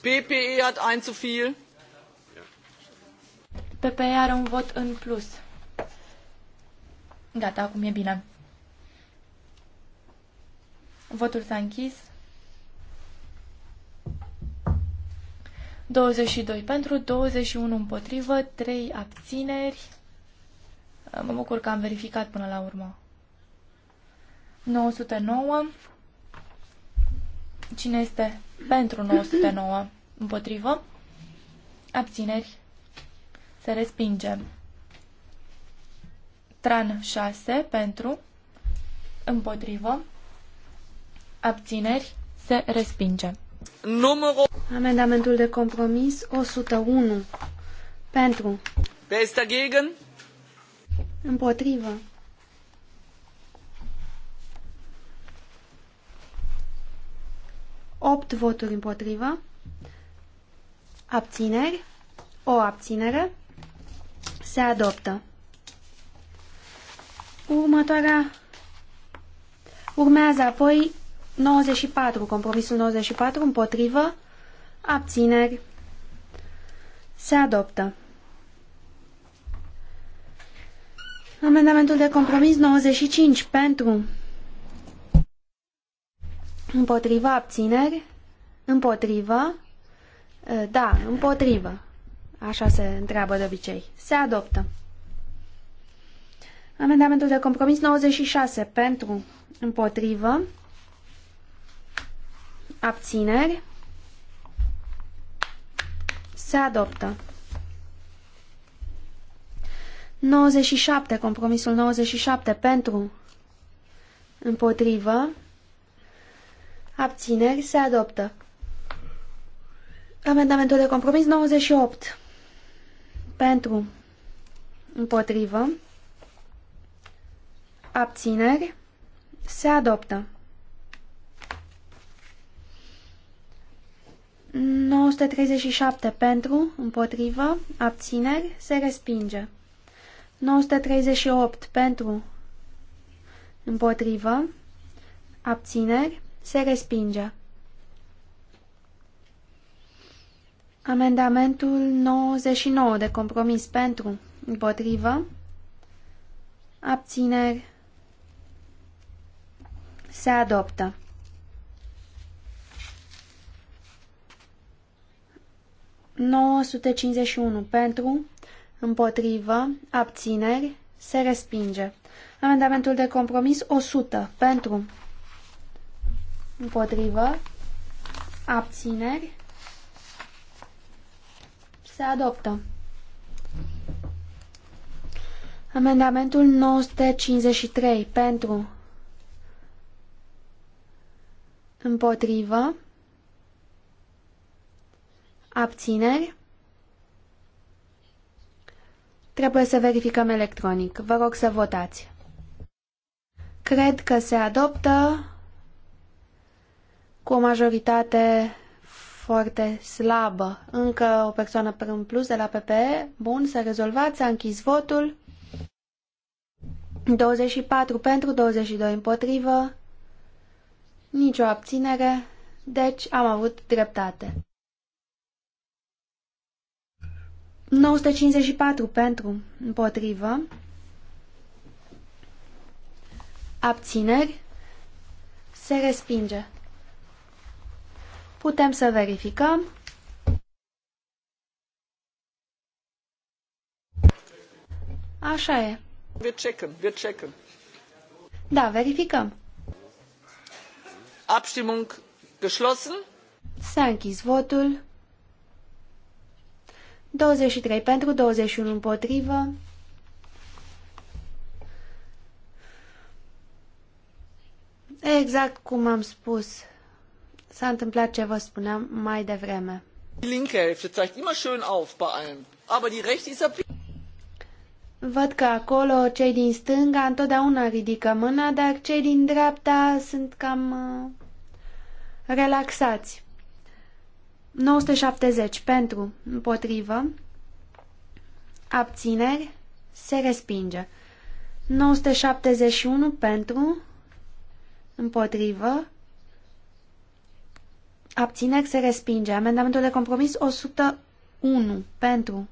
PPE hat ein zu viel. PPE are un vot în plus. Gata, acum e bine. Votul s-a închis. 22 pentru, 21 împotrivă, 3 abțineri. Mă bucur că am verificat până la urmă. 909. Cine este pentru 909? Împotrivă? Abțineri? Se respinge. Tran 6 pentru, împotrivă, abțineri, se respinge. Numărul... Amendamentul de compromis 101 pentru. Peste gegen? Împotrivă. Opt voturi împotrivă. Abțineri. O abținere. Se adoptă. Următoarea urmează apoi 94, compromisul 94, împotrivă, abțineri, se adoptă. Amendamentul de compromis 95 pentru împotriva abțineri, împotrivă, da, împotrivă, așa se întreabă de obicei, se adoptă. Amendamentul de compromis 96 pentru împotrivă, abțineri, se adoptă. 97, compromisul 97 pentru, împotrivă, abțineri, se adoptă. Amendamentul de compromis 98 pentru, împotrivă, abțineri, se adoptă. 937 pentru, împotrivă, abțineri, se respinge. 938 pentru, împotrivă, abțineri, se respinge. Amendamentul 99 de compromis pentru, împotrivă, abțineri, se adoptă. unu pentru, împotrivă, abțineri, se respinge. Amendamentul de compromis 100 pentru, împotrivă, abțineri, se adoptă. Amendamentul 953 pentru, împotrivă, abțineri, Trebuie să verificăm electronic. Vă rog să votați. Cred că se adoptă cu o majoritate foarte slabă. Încă o persoană în plus de la PPE. Bun, s-a rezolvat, s-a închis votul. 24 pentru, 22 împotrivă, nicio abținere, deci am avut dreptate. 954 pentru, împotrivă, abțineri, se respinge. Putem să verificăm. Așa e. Wir checken, wir checken. Da, verificăm. Abstimmung geschlossen. S-a închis votul. 23 pentru, 21 împotrivă. Exact cum am spus. S-a întâmplat ce vă spuneam mai devreme. linke Hälfte zeigt immer schön auf bei allem, aber die rechte ist Văd că acolo cei din stânga întotdeauna ridică mâna, dar cei din dreapta sunt cam uh, relaxați. 970 pentru, împotrivă, abțineri, se respinge. 971 pentru, împotrivă, abțineri, se respinge. Amendamentul de compromis 101 pentru,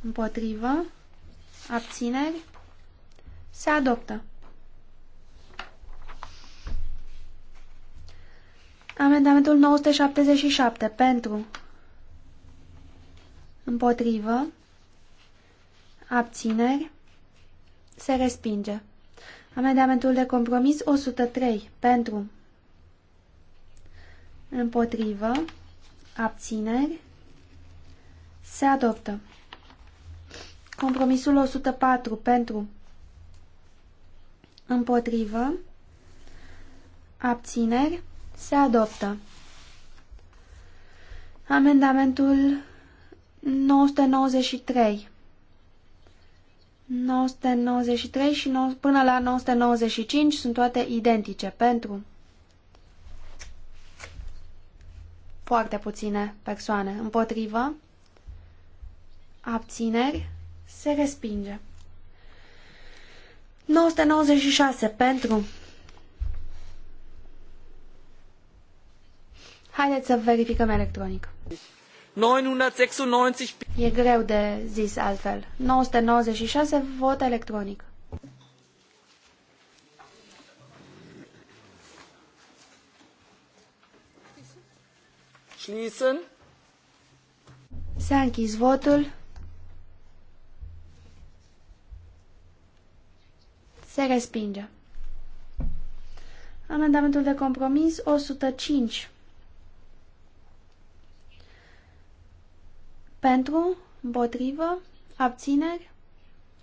împotrivă, abțineri, se adoptă. Amendamentul 977 pentru împotrivă abțineri se respinge. Amendamentul de compromis 103 pentru împotrivă abțineri se adoptă. Compromisul 104 pentru împotrivă abțineri se adoptă. Amendamentul 993. 993 și no până la 995 sunt toate identice pentru foarte puține persoane. Împotrivă, abțineri, se respinge. 996 pentru Haideți să verificăm electronic. 996... E greu de zis altfel. 996 vot electronic. Schließen. S-a închis votul. Se respinge. Amendamentul de compromis 105. Pentru, împotrivă, abțineri,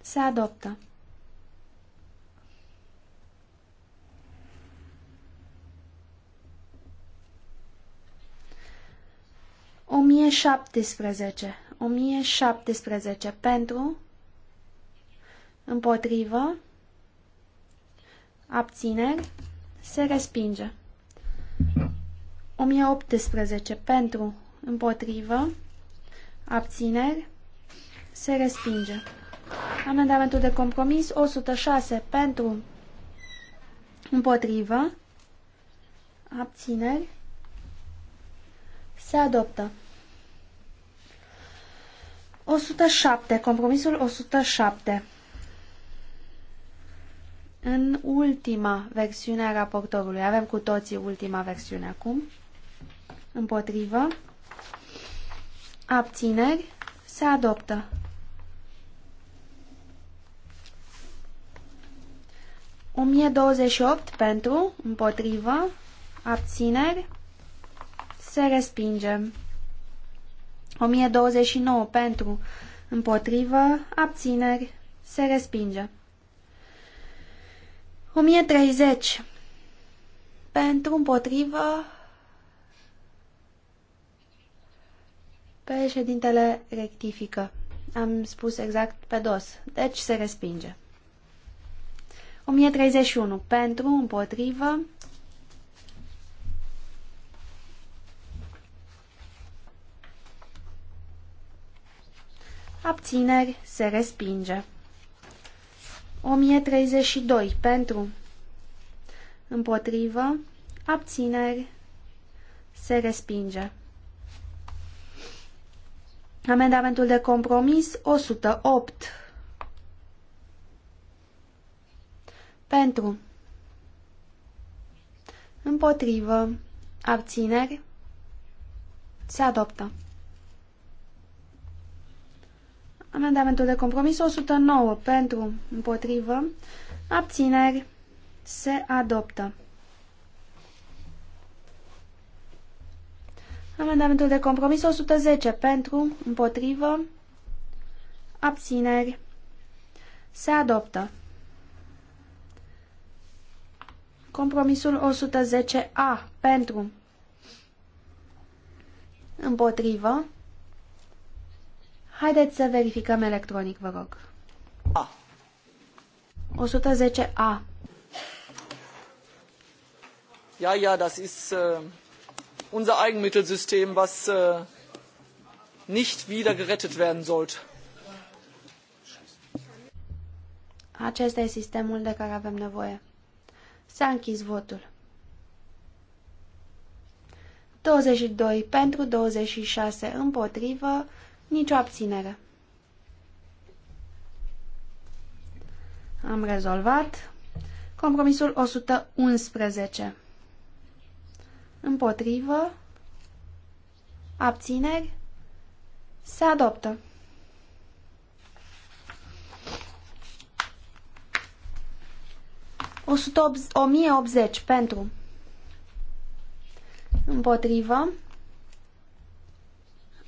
se adoptă. O mie șaptesprezece. O mie șaptesprezece. Pentru, împotrivă, abțineri, se respinge. O mie optesprezece. pentru, împotrivă, Abțineri. Se respinge. Amendamentul de compromis 106 pentru împotrivă. Abțineri. Se adoptă. 107. Compromisul 107. În ultima versiune a raportorului. Avem cu toții ultima versiune acum. Împotrivă. Abțineri. Se adoptă. O mie douăzeci opt pentru, împotrivă, abțineri, se respinge. O mie douăzeci nouă pentru, împotrivă, abțineri, se respinge. 1030. Pentru împotrivă, Președintele rectifică. Am spus exact pe dos. Deci se respinge. 1031. Pentru, împotrivă. Abțineri se respinge. 1032. Pentru, împotrivă. Abțineri se respinge. Amendamentul de compromis 108. Pentru. Împotrivă. Abțineri. Se adoptă. Amendamentul de compromis 109. Pentru. Împotrivă. Abțineri. Se adoptă. Amendamentul de compromis 110 pentru, împotrivă, abțineri. Se adoptă. Compromisul 110A pentru, împotrivă. Haideți să verificăm electronic, vă rog. A. 110A. Ja, ja, das ist... Uh unser eigenmittelsystem das äh, nicht wieder gerettet werden sollte. Acesta e sistemul de care avem nevoie. S-a închis votul. 22 pentru, 26 împotrivă, nicio abținere. Am rezolvat. Compromisul 111. Împotrivă. Abțineri. Se adoptă. O 1080 pentru. Împotrivă.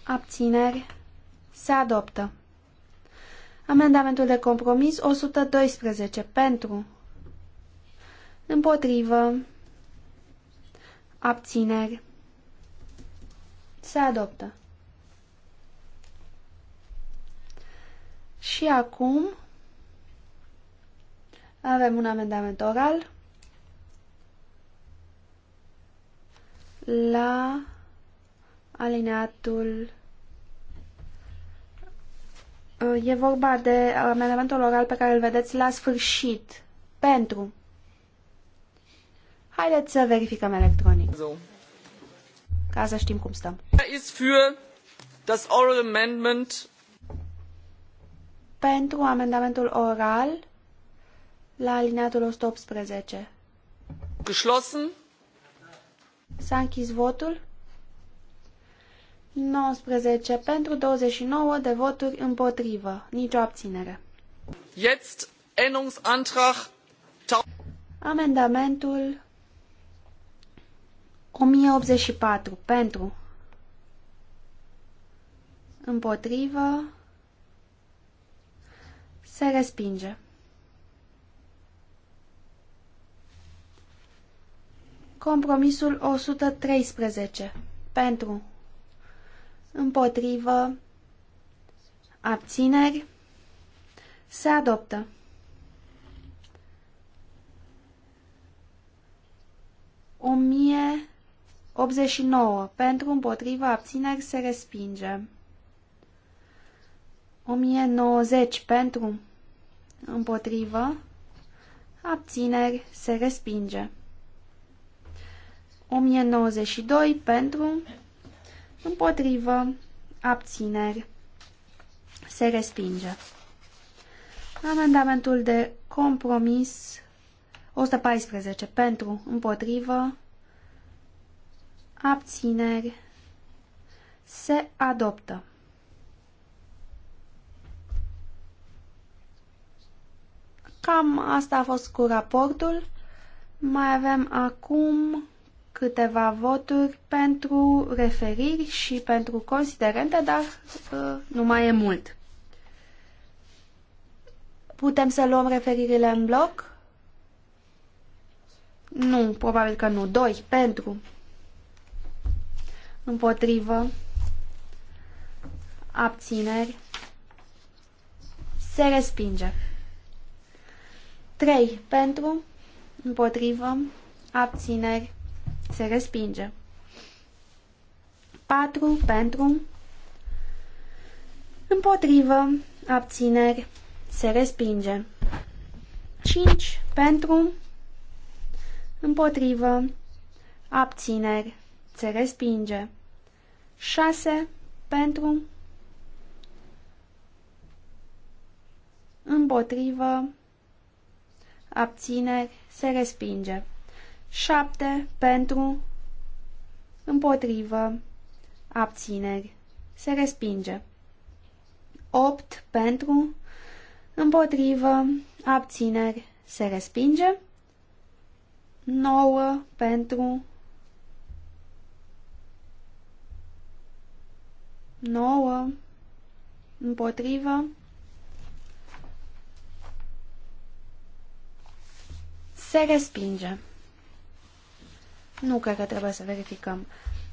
Abțineri. Se adoptă. Amendamentul de compromis 112 pentru. Împotrivă. Abțineri. Se adoptă. Și acum avem un amendament oral la alineatul uh, E vorba de amendamentul oral pe care îl vedeți la sfârșit. Pentru. Haideți să verificăm electronic. So. Ca să știm cum stăm. Er amendment. Pentru amendamentul oral la alineatul 118. Geschlossen. S-a închis votul. 19 pentru 29 de voturi împotrivă. Nicio abținere. Jetzt Änderungsantrag Amendamentul 1084 pentru împotrivă se respinge. Compromisul 113 pentru împotrivă abțineri se adoptă. O mie 89. Pentru împotriva abțineri se respinge. 1090. Pentru împotriva abțineri se respinge. 1092. Pentru împotriva abțineri se respinge. Amendamentul de compromis 114. Pentru împotrivă abțineri, se adoptă. Cam asta a fost cu raportul. Mai avem acum câteva voturi pentru referiri și pentru considerente, dar uh, nu mai e mult. Putem să luăm referirile în bloc? Nu, probabil că nu. Doi Pentru împotrivă, abțineri, se respinge. 3. Pentru, împotrivă, abțineri, se respinge. 4. Pentru, împotrivă, abțineri, se respinge. 5. Pentru, împotrivă, abțineri, se respinge. 6 pentru, împotrivă, abțineri, se respinge. 7 pentru, împotrivă, abțineri, se respinge. 8 pentru, împotrivă, abțineri, se respinge. 9 pentru, 9 împotrivă se respinge. Nu cred că trebuie să verificăm.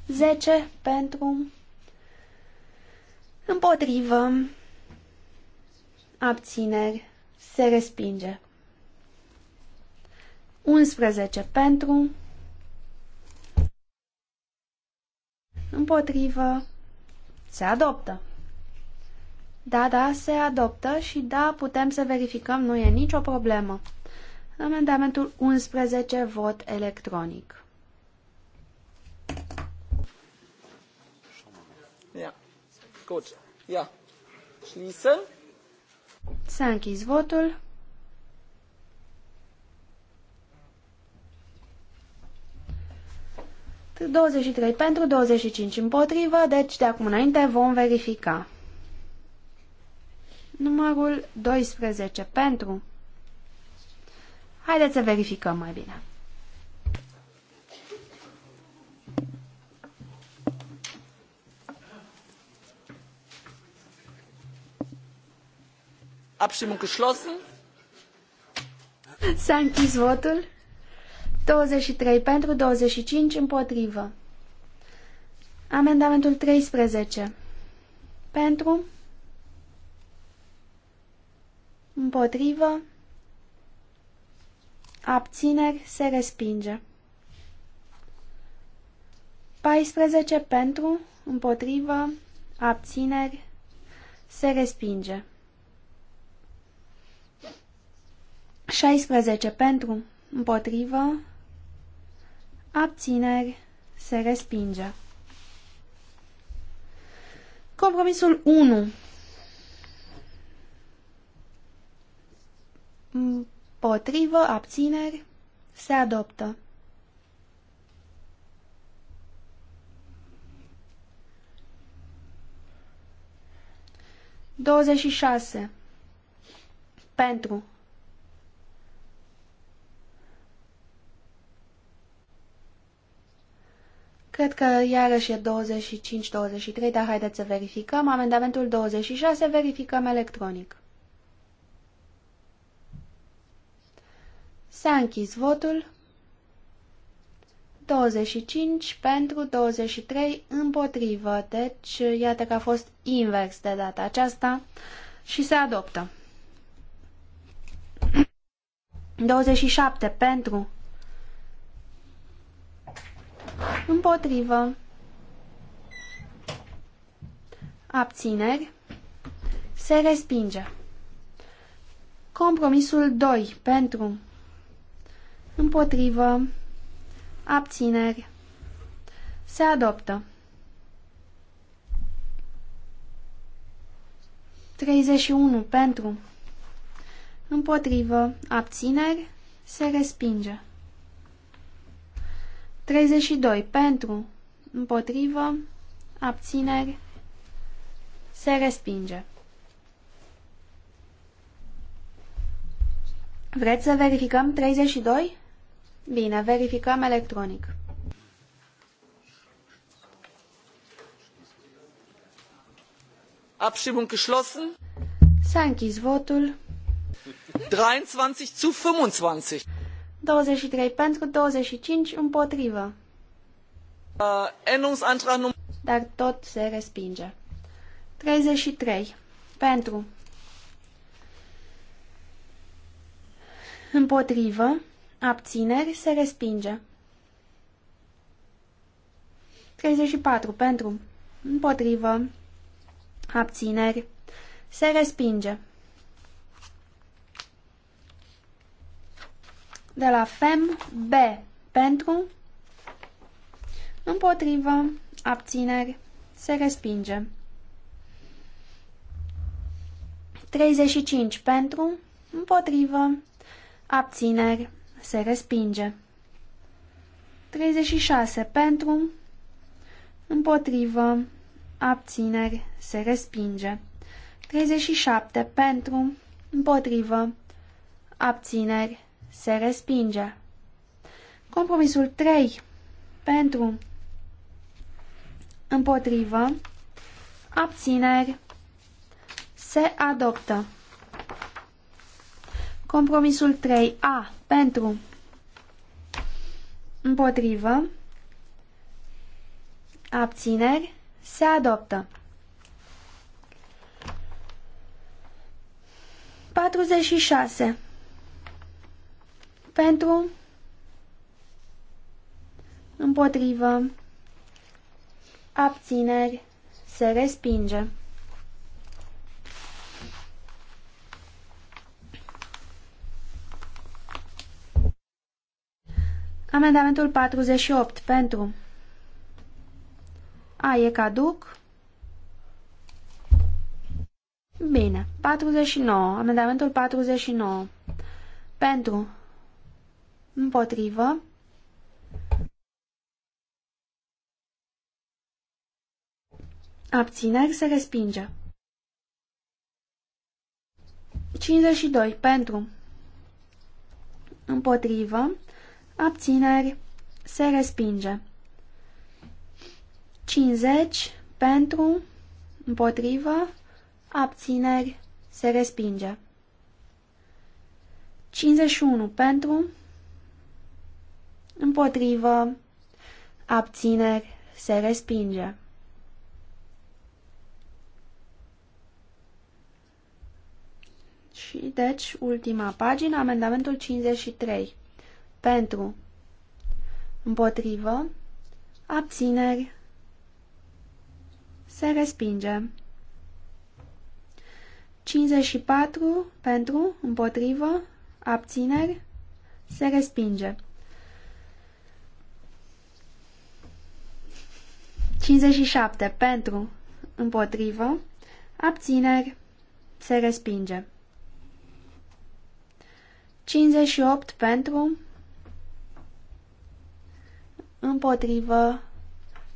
10 pentru împotrivă abțineri se respinge. 11 pentru împotrivă se adoptă. Da, da, se adoptă și da, putem să verificăm, nu e nicio problemă. Amendamentul 11, vot electronic. Ia, coach, ia, Schließen. S-a închis votul. 23 pentru, 25 împotrivă, deci de acum înainte vom verifica. Numărul 12 pentru. Haideți să verificăm mai bine. Abstimmung geschlossen. S-a închis votul. 23 pentru, 25 împotrivă. Amendamentul 13. Pentru. Împotrivă. Abțineri se respinge. 14 pentru, împotrivă, abțineri, se respinge. 16 pentru, împotrivă, abțineri, se respinge. Compromisul 1. Potrivă, abțineri, se adoptă. Douăzeci și șase. Pentru. Cred că iarăși e 25-23, dar haideți să verificăm. Amendamentul 26 verificăm electronic. S-a închis votul. 25 pentru 23 împotrivă. Deci, iată că a fost invers de data aceasta și se adoptă. 27 pentru Împotrivă. Abțineri. Se respinge. Compromisul 2. Pentru. Împotrivă. Abțineri. Se adoptă. 31. Pentru. Împotrivă. Abțineri. Se respinge. 32. Pentru, împotrivă, abțineri, se respinge. Vreți să verificăm 32? Bine, verificăm electronic. Abstimmung geschlossen. S-a închis votul. 23 zu 25. 23 pentru, 25 împotrivă. Uh, Dar tot se respinge. 33 pentru. Împotrivă, abțineri, se respinge. 34 pentru. Împotrivă, abțineri, se respinge. de la FEM B pentru împotrivă abțineri se respinge 35 pentru împotrivă abțineri se respinge 36 pentru împotrivă abțineri se respinge 37 pentru împotrivă abțineri se respinge. Compromisul 3 pentru împotrivă abțineri se adoptă. Compromisul 3A pentru împotrivă abțineri se adoptă. 46 pentru, împotrivă, abțineri, se respinge. Amendamentul 48 pentru A e caduc. Bine. 49. Amendamentul 49 pentru Împotrivă. Abțineri se respinge. 52. Pentru. Împotrivă. Abțineri se respinge. 50. Pentru. Împotrivă. Abțineri se respinge. 51. Pentru împotrivă, abțineri, se respinge. Și deci, ultima pagină, amendamentul 53. Pentru, împotrivă, abțineri, se respinge. 54 pentru, împotrivă, abțineri, se respinge. 57 pentru, împotrivă, abțineri, se respinge. 58 pentru, împotrivă,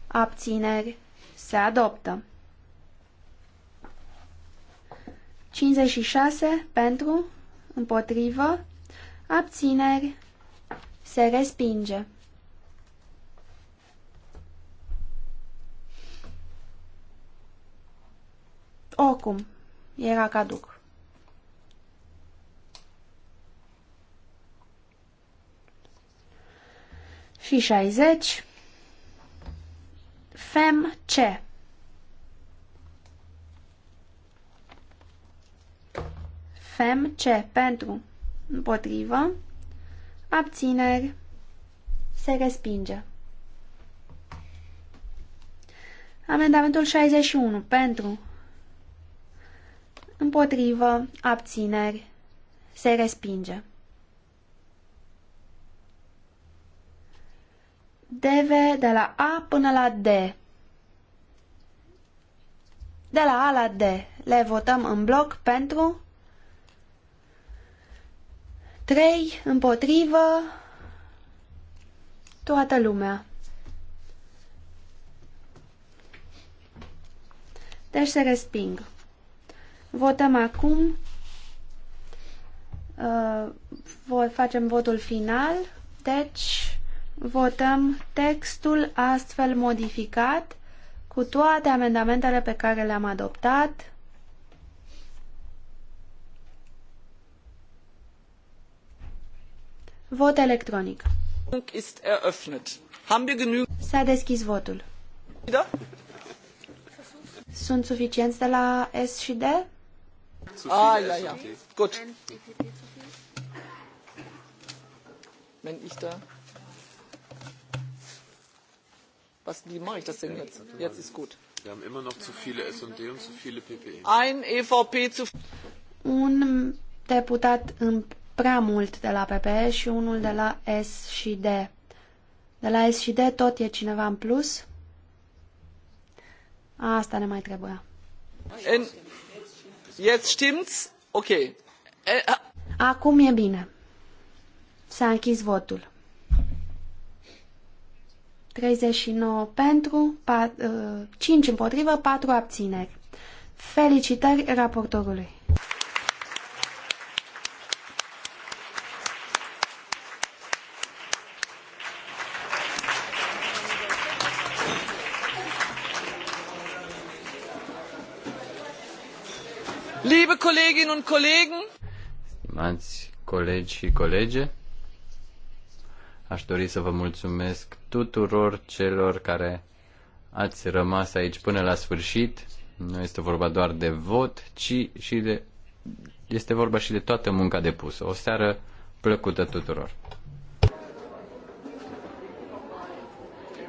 abțineri, se adoptă. 56 pentru, împotrivă, abțineri, se respinge. Oricum, era caduc. Și 60. Fem ce? Fem ce? Pentru. Împotrivă. Abțineri. Se respinge. Amendamentul 61. Pentru împotrivă, abțineri, se respinge. DV de la A până la D. De la A la D le votăm în bloc pentru 3 împotrivă toată lumea. Deci se resping. Votăm acum. Uh, facem votul final. Deci, votăm textul astfel modificat cu toate amendamentele pe care le-am adoptat. Vot electronic. S-a deschis votul. Sunt suficienți de la S și D? Zu ah, ja, ja. Okay. Gut. Wenn ich da. Was, mache ich das denn jetzt? Jetzt ist gut. Wir haben immer noch zu viele S&D und zu viele PPE. Ein EVP zu... Un deputat în prea mult de la PPE și unul de la S și D. De la S și D tot e cineva în plus? Asta ne mai trebuia. În... Äh, ah. Acum e bine. S-a închis votul. 39 pentru, 4, 5 uh, împotrivă, 4 abțineri. Felicitări raportorului. und Kollegen. Stimați colegi și colege, aș dori să vă mulțumesc tuturor celor care ați rămas aici până la sfârșit. Nu este vorba doar de vot, ci și de este vorba și de toată munca depusă. O seară plăcută tuturor!